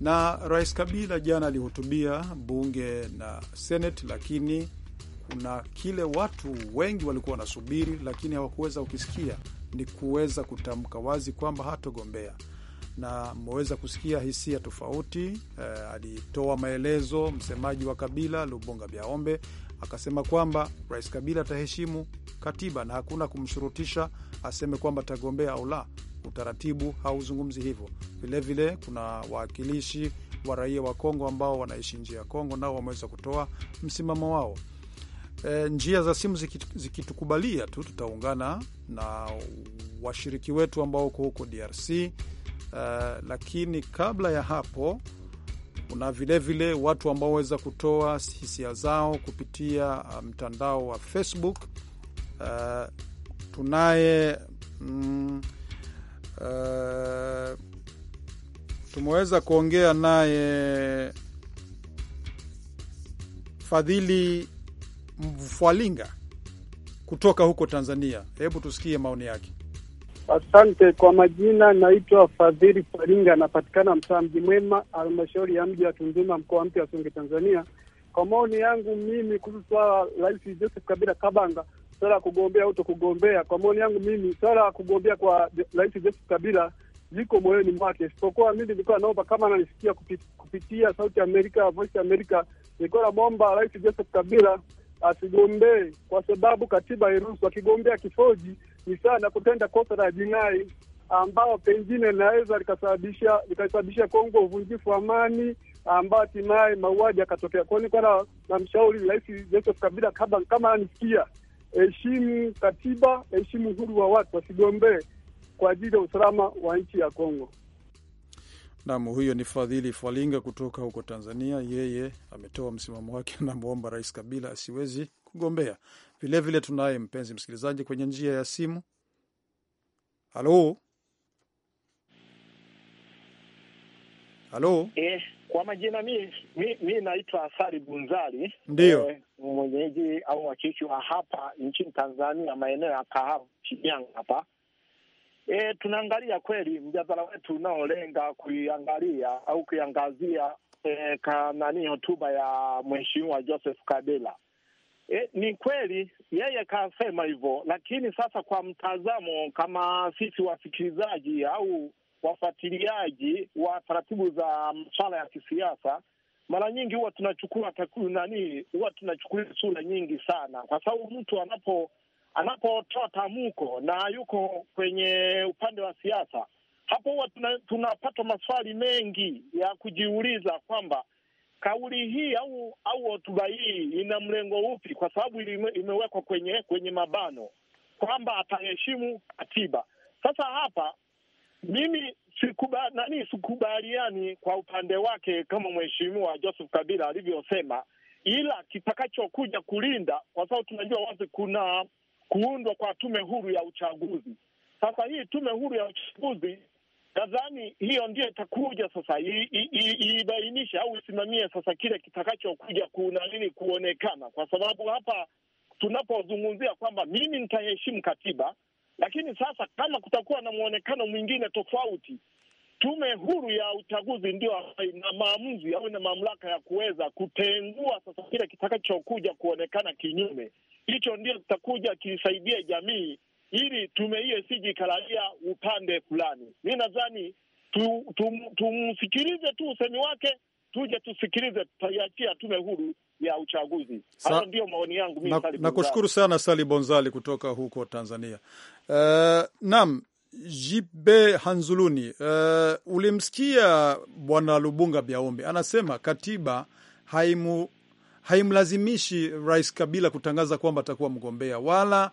A: na Rais Kabila jana alihutubia bunge na Senate, lakini kuna kile watu wengi walikuwa wanasubiri, lakini hawakuweza kukisikia, ni kuweza kutamka wazi kwamba hatogombea na mmeweza kusikia hisia tofauti. E, alitoa maelezo msemaji wa Kabila Lubonga Biaombe akasema kwamba Rais Kabila ataheshimu katiba na hakuna kumshurutisha aseme kwamba atagombea au la. Utaratibu hauzungumzi hivyo. Vilevile kuna wawakilishi wa raia wa Kongo ambao wanaishi nje ya Kongo, nao wameweza kutoa msimamo wao. E, njia za simu zikitukubalia tu tutaungana na washiriki wetu ambao uko huko DRC uh, lakini kabla ya hapo kuna vilevile watu ambao waweza kutoa hisia zao kupitia eh, mtandao wa Facebook. Uh, tunaye mm, uh, tumeweza kuongea naye Fadhili Mfwalinga kutoka huko Tanzania. Hebu tusikie maoni yake.
D: Asante kwa majina, naitwa Fadhili Faringa, anapatikana mtaa Mji Mwema, halmashauri ya mji wa Tunduma, mkoa mpya wa Songwe, Tanzania. Kwa maoni yangu mimi kuhusu swala Rais Joseph Kabila Kabanga, swala ya kugombea au kugombea, kwa maoni yangu mimi swala ya kugombea kwa Rais Joseph Kabila liko moyoni mwake, isipokuwa mimi nilikuwa naomba kama nanisikia kupitia, Sauti ya Amerika, Voice ya Amerika, nilikuwa namwomba Rais Joseph Kabila asigombee kwa sababu katiba hairuhusu. Akigombea kifoji ni na kutenda kosa la jinai ambao pengine linaweza likasababisha likasababisha Kongo uvunjifu wa amani ambao hatimaye mauaji yakatokea. Kwa na mshauri Rais Joseph Kabila kaba, kama anisikia, heshimu katiba, heshimu uhuru wa watu, wasigombee kwa ajili ya usalama wa nchi ya Kongo.
A: Nam, huyo ni Fadhili falinga kutoka huko Tanzania. Yeye ametoa msimamo wake, anamwomba Rais Kabila asiwezi kugombea. Vilevile tunaye mpenzi msikilizaji kwenye njia ya simu. Halo, halo.
F: Eh, kwa majina mi, mi, mi naitwa Asari bunzari ndio eh, mwenyeji au wakilishi wa hapa nchini Tanzania, maeneo ya Kahabu, Shinyanga hapa. E, tunaangalia kweli mjadala wetu unaolenga kuiangalia au kuiangazia e, eh, kanani hotuba ya Mheshimiwa Joseph Kabila E, ni kweli yeye kasema hivyo, lakini sasa kwa mtazamo kama sisi wasikilizaji au wafuatiliaji wa taratibu za masuala ya kisiasa, mara nyingi huwa tunachukua nani, huwa tunachukulia sura nyingi sana, kwa sababu mtu anapo anapotoa tamko na yuko kwenye upande wa siasa, hapo huwa tunapata tuna maswali mengi ya kujiuliza kwamba kauli hii au au hotuba hii ina mlengo upi? Kwa sababu ime, imewekwa kwenye kwenye mabano kwamba ataheshimu katiba. Sasa hapa mimi sikuba, nani sikubaliani kwa upande wake kama mheshimiwa Joseph Kabila alivyosema, ila kitakachokuja kulinda, kwa sababu tunajua wazi kuna kuundwa kwa tume huru ya uchaguzi. Sasa hii tume huru ya uchaguzi Nadhani hiyo ndio itakuja sasa iibainishe au isimamie sasa kile kitakachokuja kuna nini kuonekana, kwa sababu hapa tunapozungumzia kwamba mimi nitaheshimu katiba, lakini sasa kama kutakuwa na mwonekano mwingine tofauti, tume huru ya uchaguzi ndio ina maamuzi au ina mamlaka ya kuweza kutengua sasa kile kitakachokuja kuonekana kinyume. Hicho ndio kitakuja kiisaidia jamii ili tume hiyo isijikalalia upande fulani. Mi nadhani tumsikilize tu, tu, tu usemi wake tuje tusikilize tutaiachia tume huru ya uchaguzi. Hayo ndiyo maoni yangu mimi. Nakushukuru na
A: sana Sali Bonzali kutoka huko Tanzania. Uh, naam Jibe Hanzuluni, uh, ulimsikia Bwana Lubunga Biaombe anasema katiba haimu haimlazimishi Rais Kabila kutangaza kwamba atakuwa mgombea wala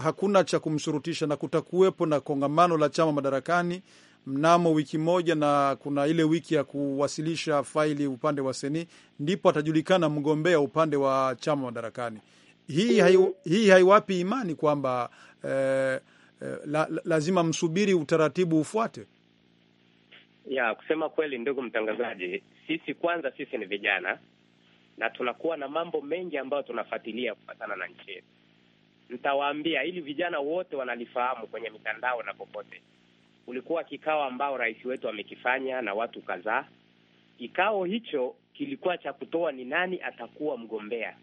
A: hakuna cha kumshurutisha, na kutakuwepo na kongamano la chama madarakani mnamo wiki moja, na kuna ile wiki ya kuwasilisha faili upande wa seni, ndipo atajulikana mgombea upande wa chama madarakani. Hii haiwapi hai imani kwamba eh, eh, la, lazima msubiri utaratibu ufuate.
E: Ya kusema kweli, ndugu mtangazaji, sisi kwanza, sisi ni vijana na tunakuwa na mambo mengi ambayo tunafuatilia kufatana na nchi yetu nitawaambia ili vijana wote wanalifahamu kwenye mitandao na popote. Ulikuwa kikao ambao rais wetu amekifanya na watu kadhaa. Kikao hicho kilikuwa cha kutoa ni nani atakuwa mgombea,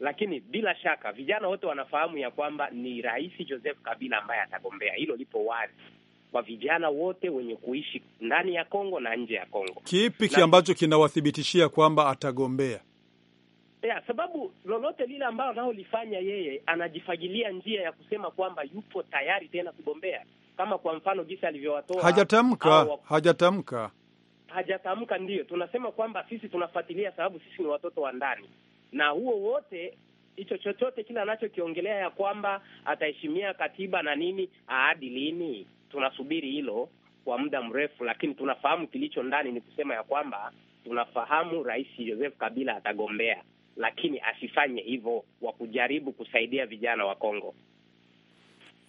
E: lakini bila shaka vijana wote wanafahamu ya kwamba ni Rais Joseph Kabila ambaye atagombea. Hilo lipo wazi kwa vijana wote wenye kuishi ndani ya Kongo na nje ya Kongo.
A: Kipi ambacho kinawathibitishia kwamba atagombea?
E: yeah, sababu lolote lile ambalo anaolifanya yeye anajifagilia njia ya kusema kwamba yupo tayari tena kugombea, kama kwa mfano jinsi alivyowatoa. Hajatamka,
A: hajatamka,
E: hajatamka. Ndiyo tunasema kwamba sisi tunafuatilia, sababu sisi ni watoto wa ndani, na huo wote hicho chochote kile anachokiongelea ya kwamba ataheshimia katiba na nini, ahadi lini? Tunasubiri hilo kwa muda mrefu, lakini tunafahamu kilicho ndani ni kusema ya kwamba tunafahamu Rais Joseph Kabila atagombea lakini asifanye hivyo wa kujaribu kusaidia vijana wa Kongo.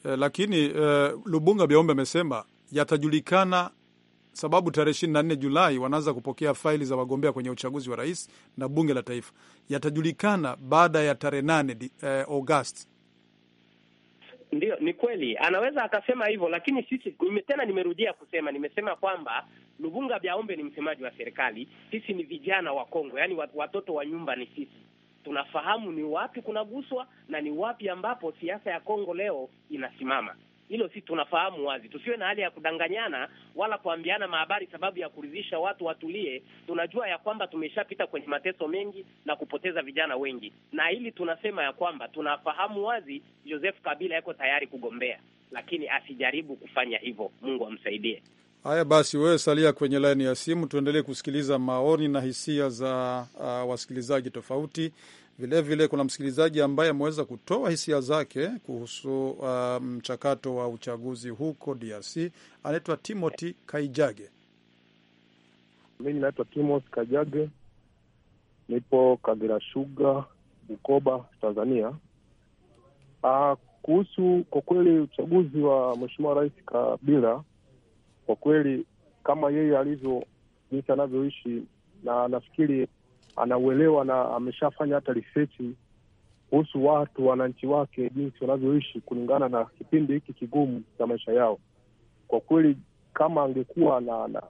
A: Eh, lakini eh, Lubunga Biaombe amesema yatajulikana sababu tarehe ishirini na nne Julai wanaanza kupokea faili za wagombea kwenye uchaguzi wa rais na bunge la taifa. Yatajulikana baada ya tarehe nane eh, Agosti ndio, ni kweli, anaweza akasema hivyo,
E: lakini sisi tena, nimerudia kusema, nimesema kwamba Lubunga Byaombe ni msemaji wa serikali. Sisi ni vijana wa Kongo, yaani watoto wa nyumba ni sisi, tunafahamu ni wapi kunaguswa na ni wapi ambapo siasa ya Kongo leo inasimama. Hilo si tunafahamu wazi, tusiwe na hali ya kudanganyana wala kuambiana mahabari sababu ya kuridhisha watu watulie. Tunajua ya kwamba tumeshapita kwenye mateso mengi na kupoteza vijana wengi, na hili tunasema ya kwamba tunafahamu wazi Joseph Kabila yako tayari kugombea, lakini asijaribu kufanya hivyo. Mungu amsaidie.
A: Haya basi, wewe salia kwenye laini ya simu, tuendelee kusikiliza maoni na hisia za uh, wasikilizaji tofauti. Vilevile vile kuna msikilizaji ambaye ameweza kutoa hisia zake kuhusu uh, mchakato wa uchaguzi huko DRC. Anaitwa Timothy Kaijage. Mimi naitwa Timothy Kaijage, nipo Kagera Shuga, Bukoba,
D: Tanzania. Uh, kuhusu kwa kweli uchaguzi wa Mheshimiwa Rais Kabila, kwa kweli kama yeye alivyo jinsi anavyoishi, na nafikiri anauelewa na ameshafanya hata risechi kuhusu watu wananchi wake jinsi wanavyoishi kulingana na kipindi hiki kigumu cha maisha yao. Kwa kweli kama angekuwa na na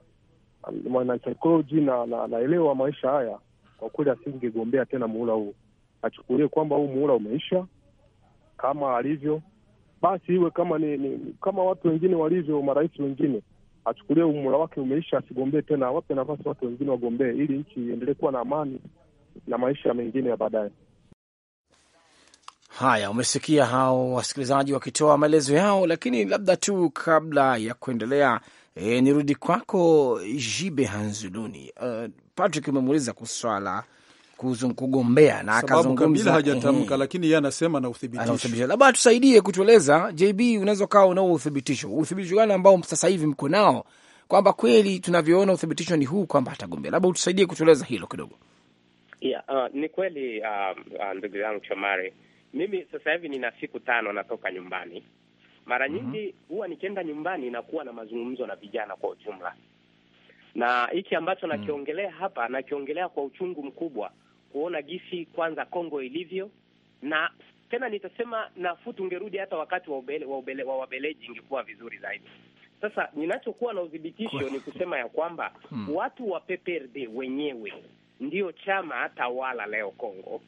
D: mwanasaikolojia na, na anaelewa maisha haya, kwa kweli asingegombea tena muhula huo Achukulie kwamba huu muhula umeisha kama alivyo, basi iwe kama ni, ni kama watu wengine walivyo, marais wengine achukulie umura wake umeisha, asigombee tena, wape nafasi watu wengine wagombee, ili nchi iendelee kuwa na amani na maisha mengine ya baadaye.
B: Haya, umesikia hao wasikilizaji wakitoa maelezo yao, lakini labda tu kabla ya kuendelea e, nirudi kwako Jibe Hanzuluni. Uh, Patrick umemuuliza kuhusu swala kugombea na akazungumza hajatamka,
A: eh, lakini yeye anasema na uthibitisho.
B: Labda tusaidie kutueleza, JB, unaweza ukawa unao uthibitisho, uthibitisho gani ambao sasa hivi mko nao kwamba kweli tunavyoona uthibitisho ni huu kwamba atagombea? Labda utusaidie kutueleza hilo kidogo.
E: Yeah, uh, ni kweli um, uh, ndugu uh, uh, yangu Shomari, mimi sasa hivi nina siku tano natoka nyumbani mara mhm. nyingi mm huwa -hmm. Nikienda nyumbani nakuwa na mazungumzo na vijana kwa ujumla, na hiki ambacho mm. nakiongelea hapa nakiongelea kwa uchungu mkubwa, kuona gisi kwanza Kongo ilivyo, na tena nitasema nafuu tungerudi hata wakati wa ubele, wa, ubele, wa wabeleji ingekuwa vizuri zaidi. Sasa ninachokuwa na udhibitisho ni kusema ya kwamba hmm, watu wa PPRD wenyewe ndio chama tawala leo Kongo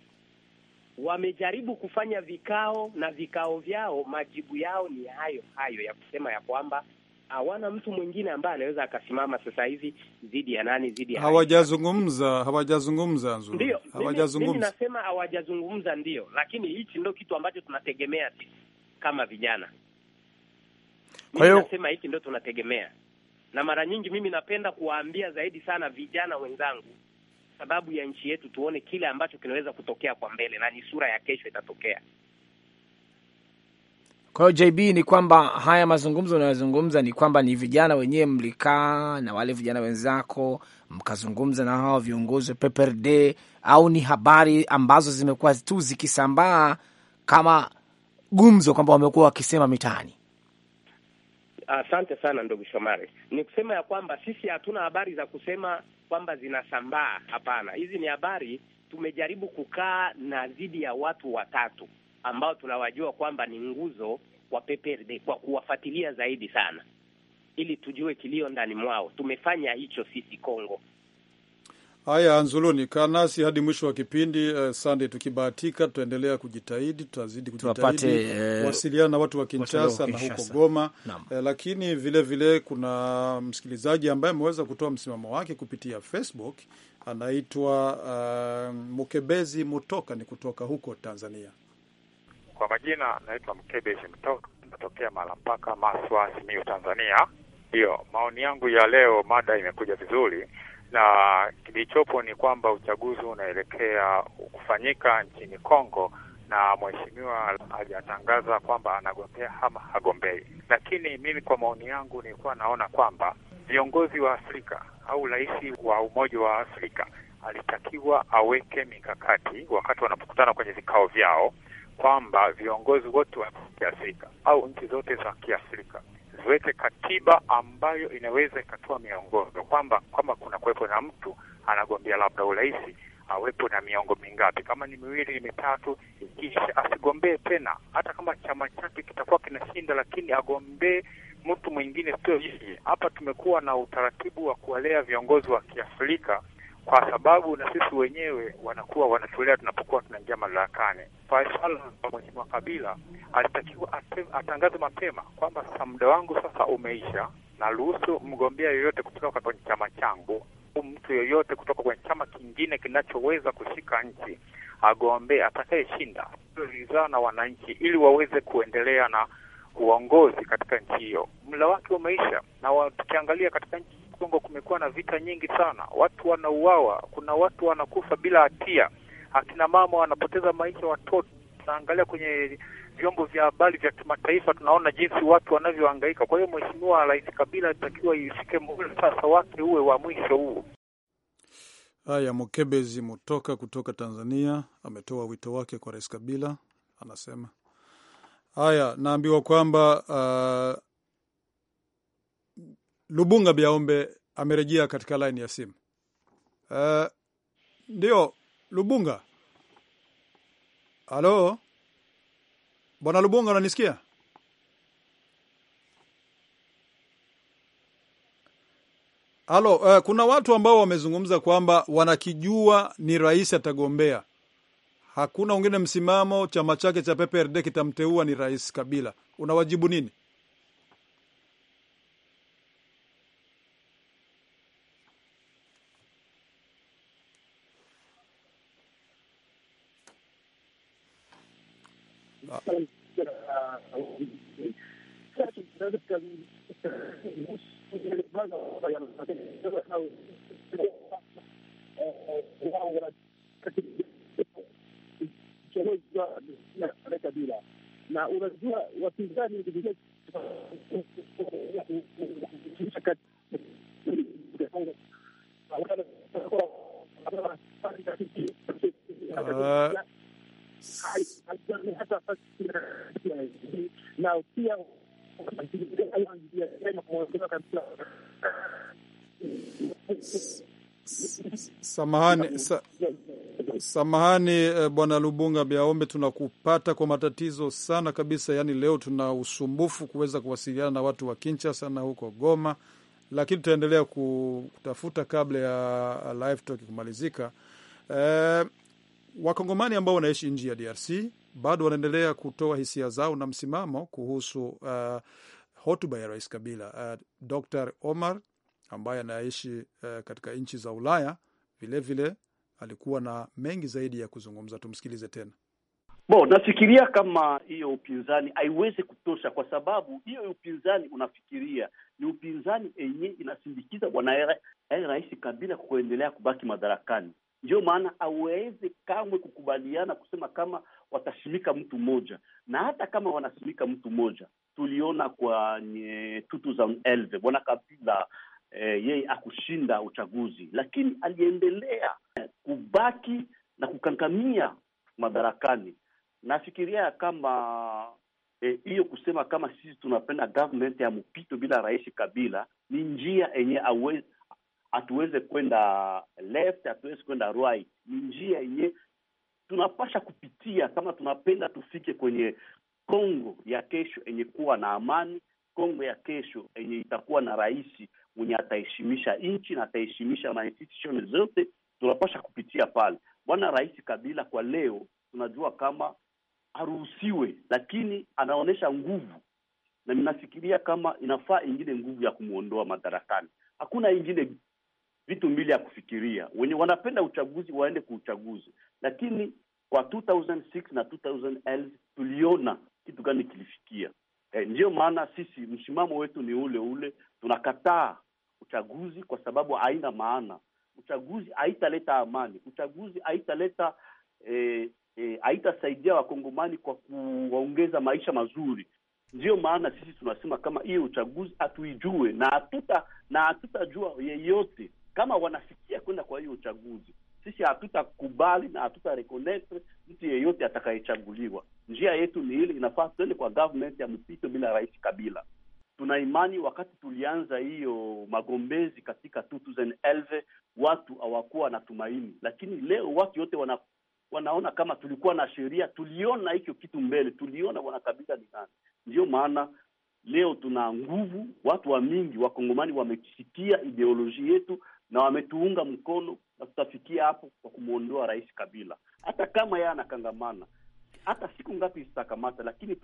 E: wamejaribu kufanya vikao na vikao vyao, majibu yao ni hayo hayo ya kusema ya kwamba hawana mtu mwingine ambaye anaweza akasimama sasa hivi dhidi ya nani, dhidi ya
A: hawajazungumza, hawajazungumza nzuri, ndio hawajazungumza.
E: nasema hawajazungumza, ndio, lakini hichi ndio kitu ambacho tunategemea sisi kama vijana. Kwa hiyo nasema hichi ndio tunategemea, na mara nyingi mimi napenda kuwaambia zaidi sana vijana wenzangu, sababu ya nchi yetu, tuone kile ambacho kinaweza kutokea kwa mbele na ni sura ya kesho itatokea.
B: Kwa hiyo JB, ni kwamba haya mazungumzo unayozungumza ni kwamba ni vijana wenyewe mlikaa na wale vijana wenzako mkazungumza na hawa viongozi PPRD, au ni habari ambazo zimekuwa tu zikisambaa kama gumzo kwamba wamekuwa wakisema mitaani?
E: Asante sana ndugu Shomari, ni kusema ya kwamba sisi hatuna habari za kusema kwamba zinasambaa. Hapana, hizi ni habari tumejaribu kukaa na dhidi ya watu watatu ambao tunawajua kwamba ni nguzo wa PPRD kwa kuwafuatilia zaidi sana, ili tujue kilio ndani mwao. Tumefanya hicho sisi Kongo.
A: Haya, Nzuluni, kaa nasi hadi mwisho wa kipindi. Uh, eh, Sunday, tukibahatika tutaendelea kujitahidi, tutazidi kujitahidi eh, kuwasiliana na watu wa Kinshasa na huko Goma. Uh, lakini vilevile vile kuna msikilizaji ambaye ameweza kutoa msimamo wake kupitia Facebook, anaitwa uh, Mukebezi Mutoka, ni kutoka huko Tanzania.
G: Kwa majina naitwa Mkebe Shimtoka, natokea Malampaka, Maswa, Simiyu, Tanzania. Ndiyo, maoni yangu ya leo, mada imekuja vizuri na kilichopo ni kwamba uchaguzi unaelekea kufanyika nchini Kongo na mheshimiwa hajatangaza kwamba anagombea ama hagombei, lakini mimi kwa maoni yangu nilikuwa naona kwamba viongozi wa Afrika au rais wa Umoja wa Afrika alitakiwa aweke mikakati wakati wanapokutana kwenye vikao vyao kwamba viongozi wote wa Kiafrika au nchi zote za Kiafrika ziweke katiba ambayo inaweza ikatoa miongozo kwamba kama kuna kuwepo na mtu anagombea labda urais awepo na miongo mingapi, kama ni miwili, ni mitatu, kisha asigombee tena. Hata kama chama chake kitakuwa kinashinda, lakini agombee mtu mwingine, sio yeye. Hapa tumekuwa na utaratibu wa kuwalea viongozi wa Kiafrika kwa sababu na sisi wenyewe wanakuwa wanatulea tunapokuwa tunaingia madarakani. Faisal Mheshimiwa Kabila alitakiwa atangaze mapema kwamba sasa muda wangu sasa umeisha, na ruhusu mgombea yoyote kutoka kwenye chama changu au mtu yoyote kutoka kwenye chama kingine kinachoweza kushika nchi agombee, atakayeshinda ridhaa na wananchi, ili waweze kuendelea na uongozi katika nchi hiyo. Muda wake umeisha, na tukiangalia katika nchi Kongo kumekuwa na vita nyingi sana, watu wanauawa, kuna watu wanakufa bila hatia, akina mama wanapoteza maisha, watoto. Tunaangalia kwenye vyombo vya habari vya kimataifa, tunaona jinsi watu wanavyohangaika. Kwa hiyo
D: Mheshimiwa Rais Kabila alitakiwa ifike muhula sasa wake uwe wa mwisho huo.
A: Haya, Mukebezi Mutoka kutoka Tanzania ametoa wito wake kwa Rais Kabila, anasema haya, naambiwa kwamba uh, Lubunga Biaombe amerejea katika laini ya simu. Uh, ndio Lubunga, halo bwana Lubunga, unanisikia? Halo, uh, kuna watu ambao wamezungumza kwamba wanakijua ni rais atagombea, hakuna wengine msimamo, chama chake cha PPRD kitamteua ni rais Kabila. Unawajibu nini?
D: na unajua wapinzani ndugu zetu na pia
A: samahani sa, samahani eh, Bwana Lubunga Biaombe, tunakupata kwa matatizo sana kabisa. Yaani leo tuna usumbufu kuweza kuwasiliana na watu wa Kinshasa na huko Goma, lakini tutaendelea kutafuta kabla ya live talk kumalizika. Eh, Wakongomani ambao wanaishi nje ya DRC bado wanaendelea kutoa hisia zao na msimamo kuhusu uh, hotuba ya Rais Kabila. Uh, Dr Omar ambaye anaishi uh, katika nchi za Ulaya vilevile vile, alikuwa na mengi zaidi ya kuzungumza. Tumsikilize tena. Bo, nafikiria
C: kama hiyo upinzani haiwezi kutosha, kwa sababu hiyo upinzani unafikiria ni upinzani yenye inasindikiza bwana rais Kabila kuendelea kubaki madarakani. Ndiyo maana hawezi kamwe kukubaliana kusema kama watashimika mtu mmoja, na hata kama wanashimika mtu mmoja, tuliona kwenye 2011 bwana Kabila eh, yeye akushinda uchaguzi, lakini aliendelea kubaki na kukangamia madarakani. Nafikiria kama eh, hiyo eh, kusema kama sisi tunapenda government ya mpito bila rais Kabila ni njia yenye hatuweze kwenda left, hatuwezi kwenda right. Ni njia yenye tunapasha kupitia kama tunapenda tufike kwenye Kongo ya kesho yenye kuwa na amani, Kongo ya kesho yenye itakuwa na rais mwenye ataheshimisha nchi na ataheshimisha mainstitution zote, tunapasha kupitia pale. Bwana Rais Kabila kwa leo tunajua kama aruhusiwe lakini anaonyesha nguvu, na ninafikiria kama inafaa ingine nguvu ya kumwondoa madarakani. Hakuna ingine vitu mbili ya kufikiria. Wenye wanapenda uchaguzi waende kwa uchaguzi, lakini kwa 2006 na 2011 tuliona kitu gani kilifikia. E, eh, ndiyo maana sisi msimamo wetu ni ule ule, tunakataa uchaguzi kwa sababu haina maana. Uchaguzi haitaleta amani, uchaguzi haitaleta eh, e, haitasaidia wakongomani kwa kuwaongeza maisha mazuri. Ndiyo maana sisi tunasema kama hiyo uchaguzi hatuijue na hatuta na hatutajua yeyote kama wanafikia kwenda kwa hiyo uchaguzi, sisi hatutakubali na hatutareconnect mtu yeyote atakayechaguliwa. Njia yetu ni hili, inafaa tuende kwa government ya mpito bila Rais Kabila. Tuna imani wakati tulianza hiyo magombezi katika 2011 watu hawakuwa na tumaini, lakini leo watu yote wana, wanaona kama tulikuwa na sheria, tuliona hicho kitu mbele, tuliona bwana Kabila ni nani. Ndiyo maana leo tuna nguvu, watu wa mingi wakongomani wamesikia ideoloji yetu na wametuunga mkono na tutafikia hapo kwa kumwondoa Rais Kabila, hata kama yeye anakangamana hata siku ngapi zitakamata, lakini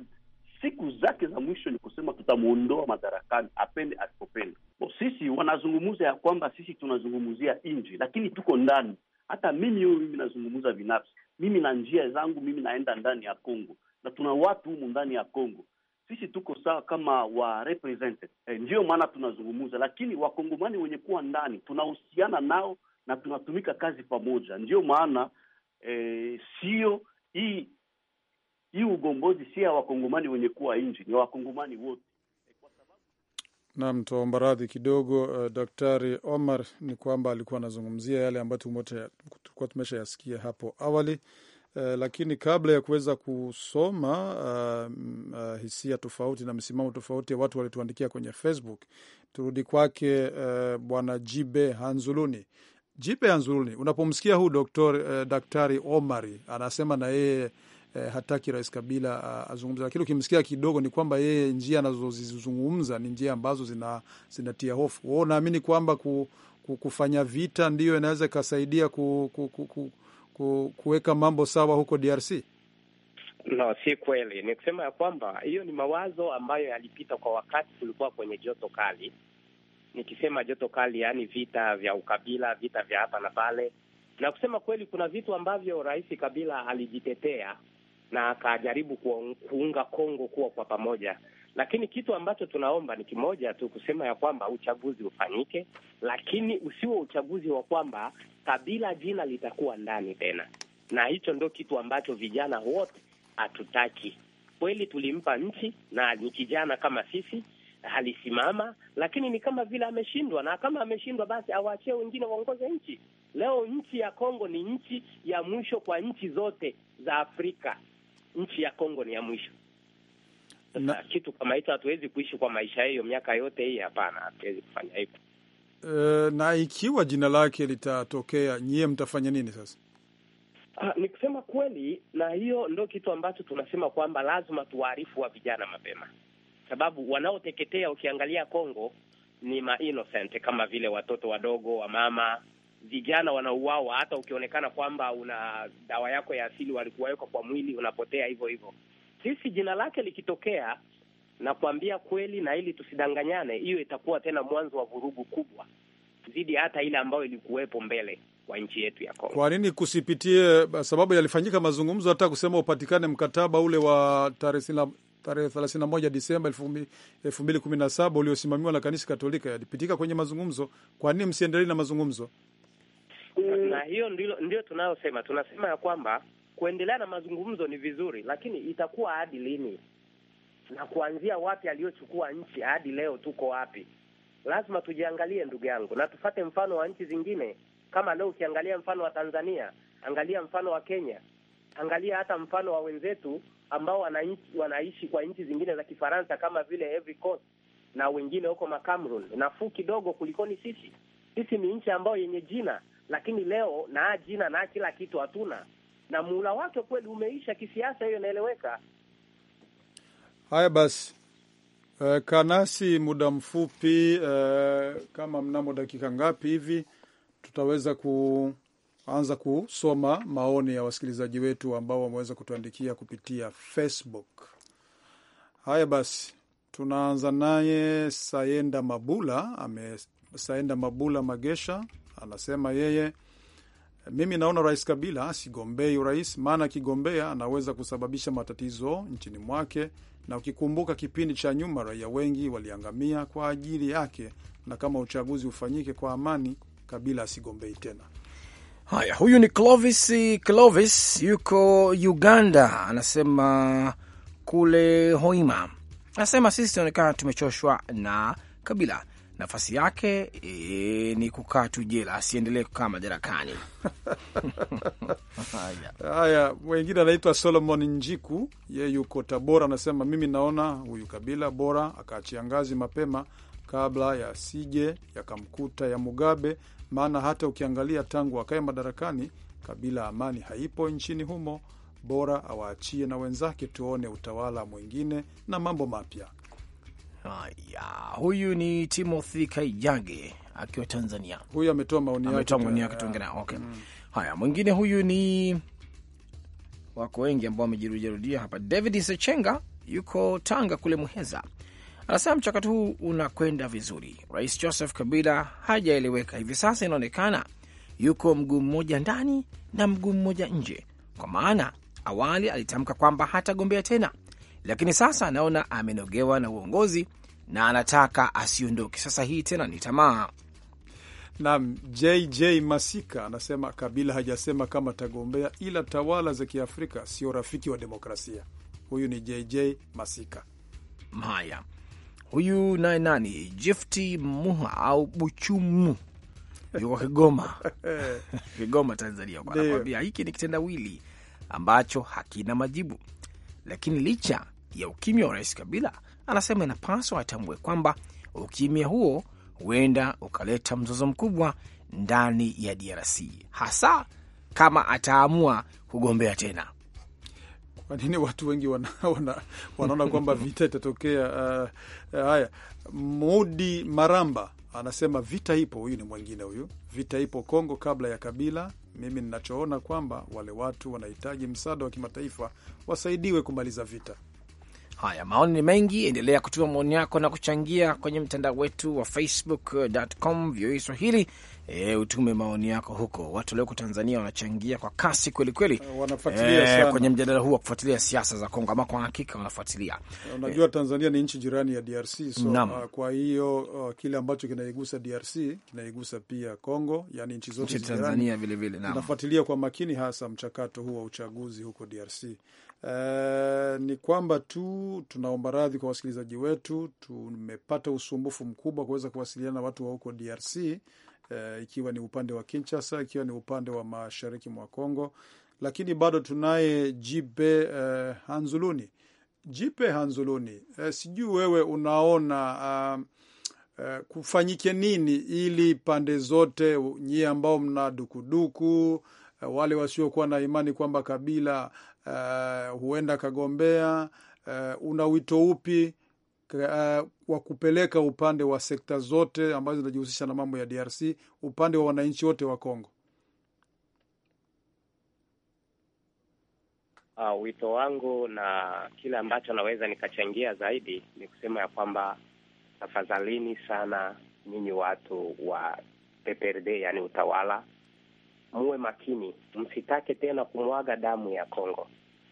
C: siku zake za mwisho ni kusema tutamwondoa madarakani, apende asipopenda. Sisi wanazungumza ya kwamba sisi tunazungumzia nje, lakini tuko ndani. Hata mimi huyu, mimi nazungumza binafsi, mimi na njia zangu, mimi naenda ndani ya Kongo na tuna watu humu ndani ya Kongo sisi tuko sawa kama wa represented e, ndiyo maana tunazungumza, lakini wakongomani wenye kuwa ndani tunahusiana nao na tunatumika kazi pamoja. Ndiyo maana e, sio hii hii ugombozi si ya wakongomani wenye kuwa nje, ni wakongomani wote. E,
A: Naam, tuomba radhi kidogo. Uh, Daktari Omar, ni kwamba alikuwa anazungumzia yale ambayo tulikuwa tumeshayasikia hapo awali Eh, lakini kabla ya kuweza kusoma uh, uh, hisia tofauti na misimamo tofauti ya watu walituandikia kwenye Facebook, turudi kwake uh, bwana Jibe Hanzuluni. Jibe Hanzuluni, unapomsikia huu doktor, uh, daktari Omari anasema na yeye eh, hataki Rais Kabila uh, azungumza, lakini ukimsikia kidogo ni kwamba yeye njia anazozizungumza ni njia ambazo zina, zinatia hofu. Unaamini kwamba ku, ku, kufanya vita ndiyo inaweza ikasaidia ku, ku, ku, ku kuweka mambo sawa huko DRC?
E: No, si kweli. Ni kusema ya kwamba hiyo ni mawazo ambayo yalipita kwa wakati kulikuwa kwenye joto kali. Nikisema joto kali, yaani vita vya ukabila, vita vya hapa na pale, na kusema kweli, kuna vitu ambavyo Rais Kabila alijitetea na akajaribu kuunga Kongo kuwa kwa pamoja, lakini kitu ambacho tunaomba ni kimoja tu, kusema ya kwamba uchaguzi ufanyike, lakini usiwe uchaguzi wa kwamba kabila jina litakuwa ndani tena, na hicho ndo kitu ambacho vijana wote hatutaki. Kweli tulimpa nchi, na ni kijana kama sisi alisimama lakini ni kama vile ameshindwa, na kama ameshindwa, basi awaachie wengine waongoze nchi. Leo nchi ya Kongo ni nchi ya mwisho kwa nchi zote za Afrika. Nchi ya Kongo ni ya mwisho na, kitu kama hicho hatuwezi kuishi kwa maisha hiyo miaka yote hii, hapana, hatuwezi kufanya hivyo.
A: Uh, na ikiwa jina lake litatokea, nyie mtafanya nini sasa?
E: Ah, ni kusema kweli, na hiyo ndo kitu ambacho tunasema kwamba lazima tuwaarifu wa vijana mapema, sababu wanaoteketea ukiangalia Kongo ni ma innocent kama vile watoto wadogo, wa mama vijana wanauawa. Hata ukionekana kwamba una dawa yako ya asili walikuwaweka kwa mwili, unapotea hivyo hivyo sisi jina lake likitokea, na kuambia kweli na ili tusidanganyane, hiyo itakuwa tena mwanzo wa vurugu kubwa zidi hata ile ambayo ilikuwepo mbele wa nchi yetu ya Kongo.
A: Kwa nini kusipitie? Sababu yalifanyika mazungumzo, hata kusema upatikane mkataba ule wa tarehe thelathini na moja Disemba elfu mbili kumi na saba uliosimamiwa na kanisa Katolika, yalipitika kwenye mazungumzo. Kwa nini msiendelee na mazungumzo?
E: Na hiyo ndio, ndio tunayosema tunasema ya kwamba kuendelea na mazungumzo ni vizuri, lakini itakuwa hadi lini na kuanzia wapi aliyochukua nchi hadi leo tuko wapi? Lazima tujiangalie ndugu yangu, na tufate mfano wa nchi zingine. Kama leo ukiangalia mfano wa Tanzania, angalia mfano wa Kenya, angalia hata mfano wa wenzetu ambao wanaishi, wanaishi kwa nchi zingine za Kifaransa kama vile Ivory Coast na wengine huko Cameroon, nafuu kidogo kulikoni sisi. Sisi ni nchi ambayo yenye jina, lakini leo na jina na kila kitu hatuna na muhula wake kweli umeisha kisiasa, hiyo inaeleweka.
A: Haya basi, uh, kanasi muda mfupi uh, kama mnamo dakika ngapi hivi tutaweza kuanza kusoma maoni ya wasikilizaji wetu ambao wameweza kutuandikia kupitia Facebook. Haya basi, tunaanza naye Sayenda Mabula ame, Sayenda Mabula Magesha anasema yeye mimi naona Rais Kabila sigombei urais, maana akigombea anaweza kusababisha matatizo nchini mwake, na ukikumbuka kipindi cha nyuma raia wengi waliangamia kwa ajili yake, na kama uchaguzi ufanyike kwa amani, Kabila asigombei tena.
B: Haya, huyu ni Clovis Clovis, yuko Uganda, anasema kule Hoima, anasema sisi tunaonekana tumechoshwa na Kabila nafasi yake e, ni kukaa tu jela, asiendelee kukaa madarakani.
A: Haya, mwengine anaitwa Solomon Njiku, ye yuko Tabora, anasema mimi naona huyu Kabila bora akaachia ngazi mapema kabla ya sije yakamkuta ya Mugabe, maana hata ukiangalia tangu akae madarakani Kabila amani haipo nchini humo. Bora awaachie na wenzake, tuone utawala mwingine na mambo mapya. Haya, huyu
B: ni Timothy Kaijage akiwa Tanzania.
A: Huyu ametoa maoni yake, ametoa maoni yake tuongea nayo. Okay. Mm.
B: Haya, mwingine huyu ni wako wengi ambao wamejirudiarudia hapa. David Sechenga yuko Tanga kule Muheza, anasema mchakato huu unakwenda vizuri. Rais Joseph Kabila hajaeleweka, hivi sasa inaonekana yuko mguu mmoja ndani na mguu mmoja nje, kwa maana awali alitamka kwamba hatagombea tena, lakini sasa anaona amenogewa na uongozi na anataka
A: asiondoke. Sasa hii tena ni tamaa. Naam, JJ Masika anasema Kabila hajasema kama tagombea, ila tawala za Kiafrika sio rafiki wa demokrasia. Huyu ni JJ Masika. Haya,
B: huyu naye nani? Jifti Muha au Buchumu yuko Kigoma eh. Kigoma, Tanzania. Anakwambia hiki ni kitendawili ambacho hakina majibu, lakini licha ya ukimya wa Rais Kabila, anasema inapaswa atambue kwamba ukimya huo huenda ukaleta mzozo mkubwa ndani ya DRC, hasa kama ataamua kugombea tena.
A: Kwa nini watu wengi wanaona wana, wana kwamba vita itatokea? Haya, uh, uh, haya, Modi Maramba anasema vita ipo. Huyu ni mwingine huyu, vita ipo Kongo kabla ya Kabila. Mimi ninachoona kwamba wale watu wanahitaji msaada wa kimataifa, wasaidiwe kumaliza vita.
B: Haya, maoni ni mengi. Endelea kutuma maoni yako na kuchangia kwenye mtandao wetu wa facebook.com VOA e Swahili. E, utume maoni yako huko. Watu walioko Tanzania wanachangia kwa kasi kwelikweli
A: kweli. Eh, e, kwenye
B: mjadala huu wa kufuatilia siasa za Kongo, ama kwa hakika wanafuatilia.
A: Unajua, e, Tanzania ni nchi jirani ya DRC so, uh, kwa hiyo uh, kile ambacho kinaigusa DRC kinaigusa pia Kongo, yani nchi zote Tanzania vilevile nafuatilia kwa makini hasa mchakato huu wa uchaguzi huko DRC. Eh, ni kwamba tu tunaomba radhi kwa wasikilizaji wetu. Tumepata usumbufu mkubwa kuweza kuwasiliana na watu wa huko DRC, uh, eh, ikiwa ni upande wa Kinshasa, ikiwa ni upande wa mashariki mwa Kongo, lakini bado tunaye Jipe uh, Hanzuluni. Jipe Hanzuluni, uh, sijui wewe unaona uh, uh, kufanyike nini ili pande zote, nyie ambao mna dukuduku wale wasiokuwa na imani kwamba Kabila uh, huenda akagombea uh, una wito upi uh, wa kupeleka upande wa sekta zote ambazo zinajihusisha na mambo ya DRC, upande wa wananchi wote wa Kongo?
E: Uh, wito wangu na kile ambacho naweza nikachangia zaidi ni kusema ya kwamba tafadhalini sana nyinyi watu wa PPRD, yani utawala muwe makini, msitake tena kumwaga damu ya Kongo,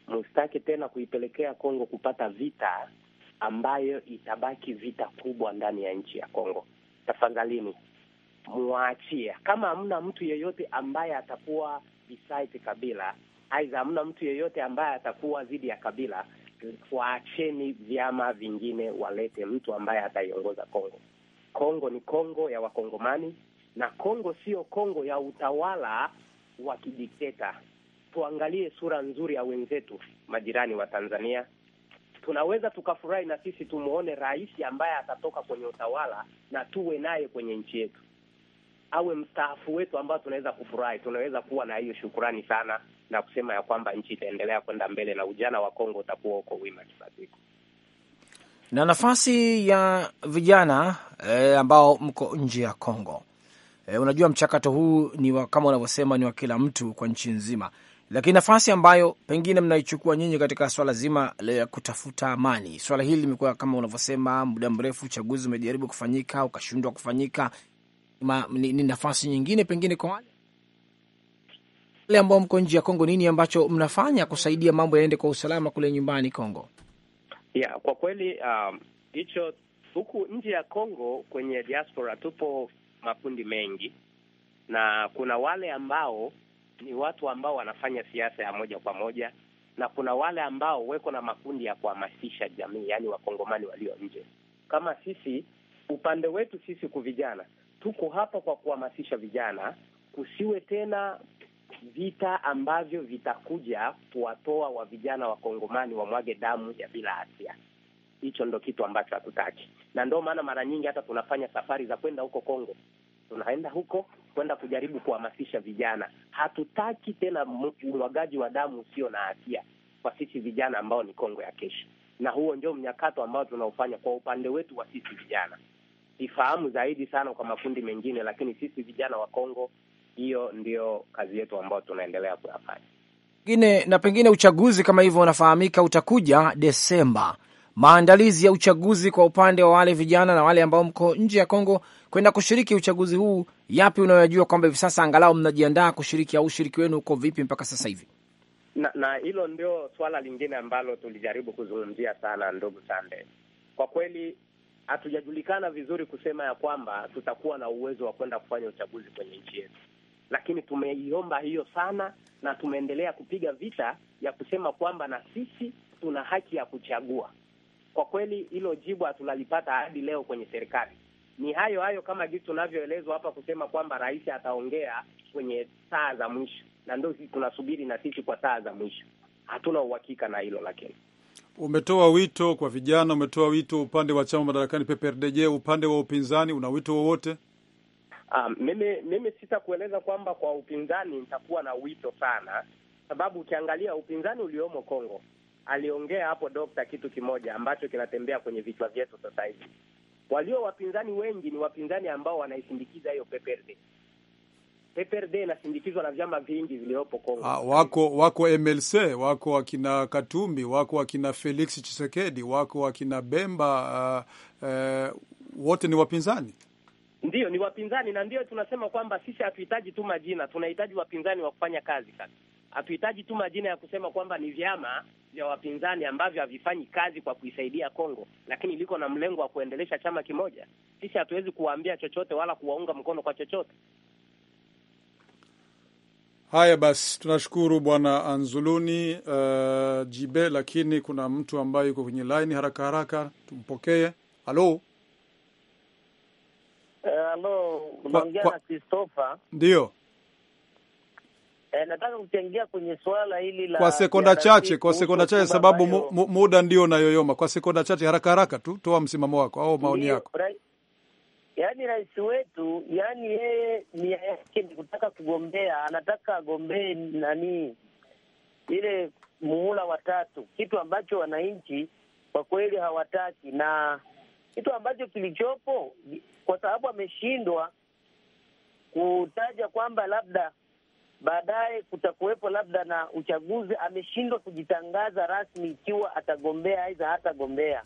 E: msitake tena kuipelekea Kongo kupata vita ambayo itabaki vita kubwa ndani ya nchi ya Kongo. Tafadhalini muwaachie. Kama hamna mtu yeyote ambaye atakuwa beside Kabila, aidha hamna mtu yeyote ambaye atakuwa dhidi ya Kabila, waacheni vyama vingine walete mtu ambaye ataiongoza Kongo. Kongo ni Kongo ya Wakongomani na Kongo sio Kongo ya utawala wa kidikteta. Tuangalie sura nzuri ya wenzetu majirani wa Tanzania, tunaweza tukafurahi na sisi tumwone rais ambaye atatoka kwenye utawala na tuwe naye kwenye nchi yetu, awe mstaafu wetu ambao tunaweza kufurahi. Tunaweza kuwa na hiyo shukurani sana na kusema ya kwamba nchi itaendelea kwenda mbele na ujana wa Kongo utakuwa huko wima kila siku.
B: Na nafasi ya vijana e, ambao mko nje ya Kongo E, unajua mchakato huu ni wa, kama unavyosema ni wa kila mtu kwa nchi nzima, lakini nafasi ambayo pengine mnaichukua nyinyi katika swala zima la kutafuta amani, swala hili limekuwa kama unavyosema muda mrefu, uchaguzi umejaribu kufanyika ukashindwa kufanyika. Ma, ni, ni nafasi nyingine pengine kwa wale wale ambao mko nje ya Kongo, nini ambacho mnafanya kusaidia mambo yaende kwa usalama kule nyumbani Kongo?
E: Yeah, kwa kweli um, hicho huku nje ya Kongo kwenye diaspora tupo makundi mengi, na kuna wale ambao ni watu ambao wanafanya siasa ya moja kwa moja, na kuna wale ambao weko na makundi ya kuhamasisha jamii, yaani wakongomani walio nje. Kama sisi upande wetu sisi kuvijana, tuko hapa kwa kuhamasisha vijana kusiwe tena vita ambavyo vitakuja kuwatoa wa vijana wakongomani wamwage damu ya bila hatia hicho ndo kitu ambacho hatutaki, na ndio maana mara nyingi hata tunafanya safari za kwenda huko Kongo, tunaenda huko kwenda kujaribu kuhamasisha vijana. Hatutaki tena umwagaji wa damu usio na hatia kwa sisi vijana ambao ni Kongo ya kesho, na huo ndio mnyakato ambao tunaofanya kwa upande wetu wa sisi vijana. Sifahamu zaidi sana kwa makundi mengine, lakini sisi vijana wa Kongo, hiyo ndio kazi yetu ambayo tunaendelea kuyafanya.
B: Pengine na pengine uchaguzi kama hivyo unafahamika utakuja Desemba maandalizi ya uchaguzi kwa upande wa wale vijana na wale ambao mko nje ya Kongo kwenda kushiriki uchaguzi huu, yapi unayojua kwamba hivi sasa angalau mnajiandaa kushiriki, au ushiriki wenu uko vipi mpaka sasa hivi?
E: Na, na hilo ndio swala lingine ambalo tulijaribu kuzungumzia sana, ndugu Sande. Kwa kweli hatujajulikana vizuri kusema ya kwamba tutakuwa na uwezo wa kwenda kufanya uchaguzi kwenye nchi yetu, lakini tumeiomba hiyo sana, na tumeendelea kupiga vita ya kusema kwamba na sisi tuna haki ya kuchagua kwa kweli hilo jibu hatulalipata hadi leo kwenye serikali. Ni hayo hayo kama jinsi tunavyoelezwa hapa kusema kwamba rais ataongea kwenye saa za mwisho, na ndio tunasubiri na sisi kwa saa za mwisho. Hatuna uhakika na hilo. Lakini
A: umetoa wito kwa vijana, umetoa wito upande wa chama madarakani PPRD. upande wa upinzani una wito wowote?
E: Um, mimi mimi sitakueleza kwamba kwa upinzani nitakuwa na wito sana, sababu ukiangalia upinzani uliomo Kongo aliongea hapo dokta kitu kimoja ambacho kinatembea kwenye vichwa vyetu sasa hivi. Walio wapinzani wengi ni wapinzani ambao wanaisindikiza hiyo PPRD. PPRD inasindikizwa na vyama vingi viliopo Kongo. Ah,
A: wako wako MLC, wako wakina Katumbi, wako wakina Felix Chisekedi, wako wakina Bemba. Uh, uh, wote ni wapinzani
E: Ndiyo, ni wapinzani na ndiyo tunasema kwamba sisi hatuhitaji tu majina, tunahitaji wapinzani wa kufanya kazi kati hatuhitaji tu majina ya kusema kwamba ni vyama vya wapinzani ambavyo havifanyi kazi kwa kuisaidia Kongo, lakini liko na mlengo wa kuendelesha chama kimoja. Sisi hatuwezi kuwaambia chochote wala kuwaunga mkono kwa chochote.
A: Haya basi, tunashukuru bwana Anzuluni uh, Jibe, lakini kuna mtu ambaye yuko kwenye laini haraka haraka, tumpokee. Halo,
E: eh, halo, unaongea na Christopher? Ndio. E, nataka kuchangia kwenye swala hili la kwa sekonda chache, kwa sekonda chache sababu
A: muda ndio unayoyoma. Kwa sekonda chache, haraka haraka tu toa msimamo wako au maoni yako.
E: Yaani rais wetu, yaani yeye nia yake ni kutaka kugombea, anataka agombee nani ile muhula watatu, kitu ambacho wananchi kwa kweli hawataki, na kitu ambacho kilichopo, kwa sababu ameshindwa kutaja kwamba labda baadaye kutakuwepo labda na uchaguzi, ameshindwa kujitangaza rasmi ikiwa atagombea aidha hatagombea,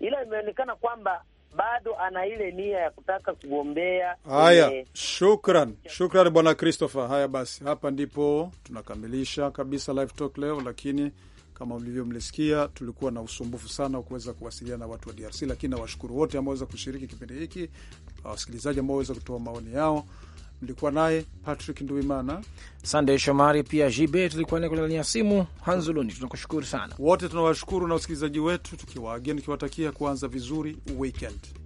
E: ila imeonekana kwamba bado ana ile nia ya kutaka kugombea. Haya,
A: shukran, shukran bwana Christopher. Haya basi, hapa ndipo tunakamilisha kabisa live talk leo, lakini kama mlivyomlisikia, tulikuwa na usumbufu sana wa kuweza kuwasiliana na watu wa DRC, lakini nawashukuru wote ambao waweza kushiriki kipindi hiki, wasikilizaji ambao waweza kutoa maoni yao mlikuwa naye Patrick Nduimana,
B: Sandey Shomari, pia JB tulikuwa naye kwenye laini ya simu, Hanzuluni. Tunakushukuru sana
A: wote, tunawashukuru na wasikilizaji wetu, tukiwaagia tukiwatakia kuanza vizuri weekend.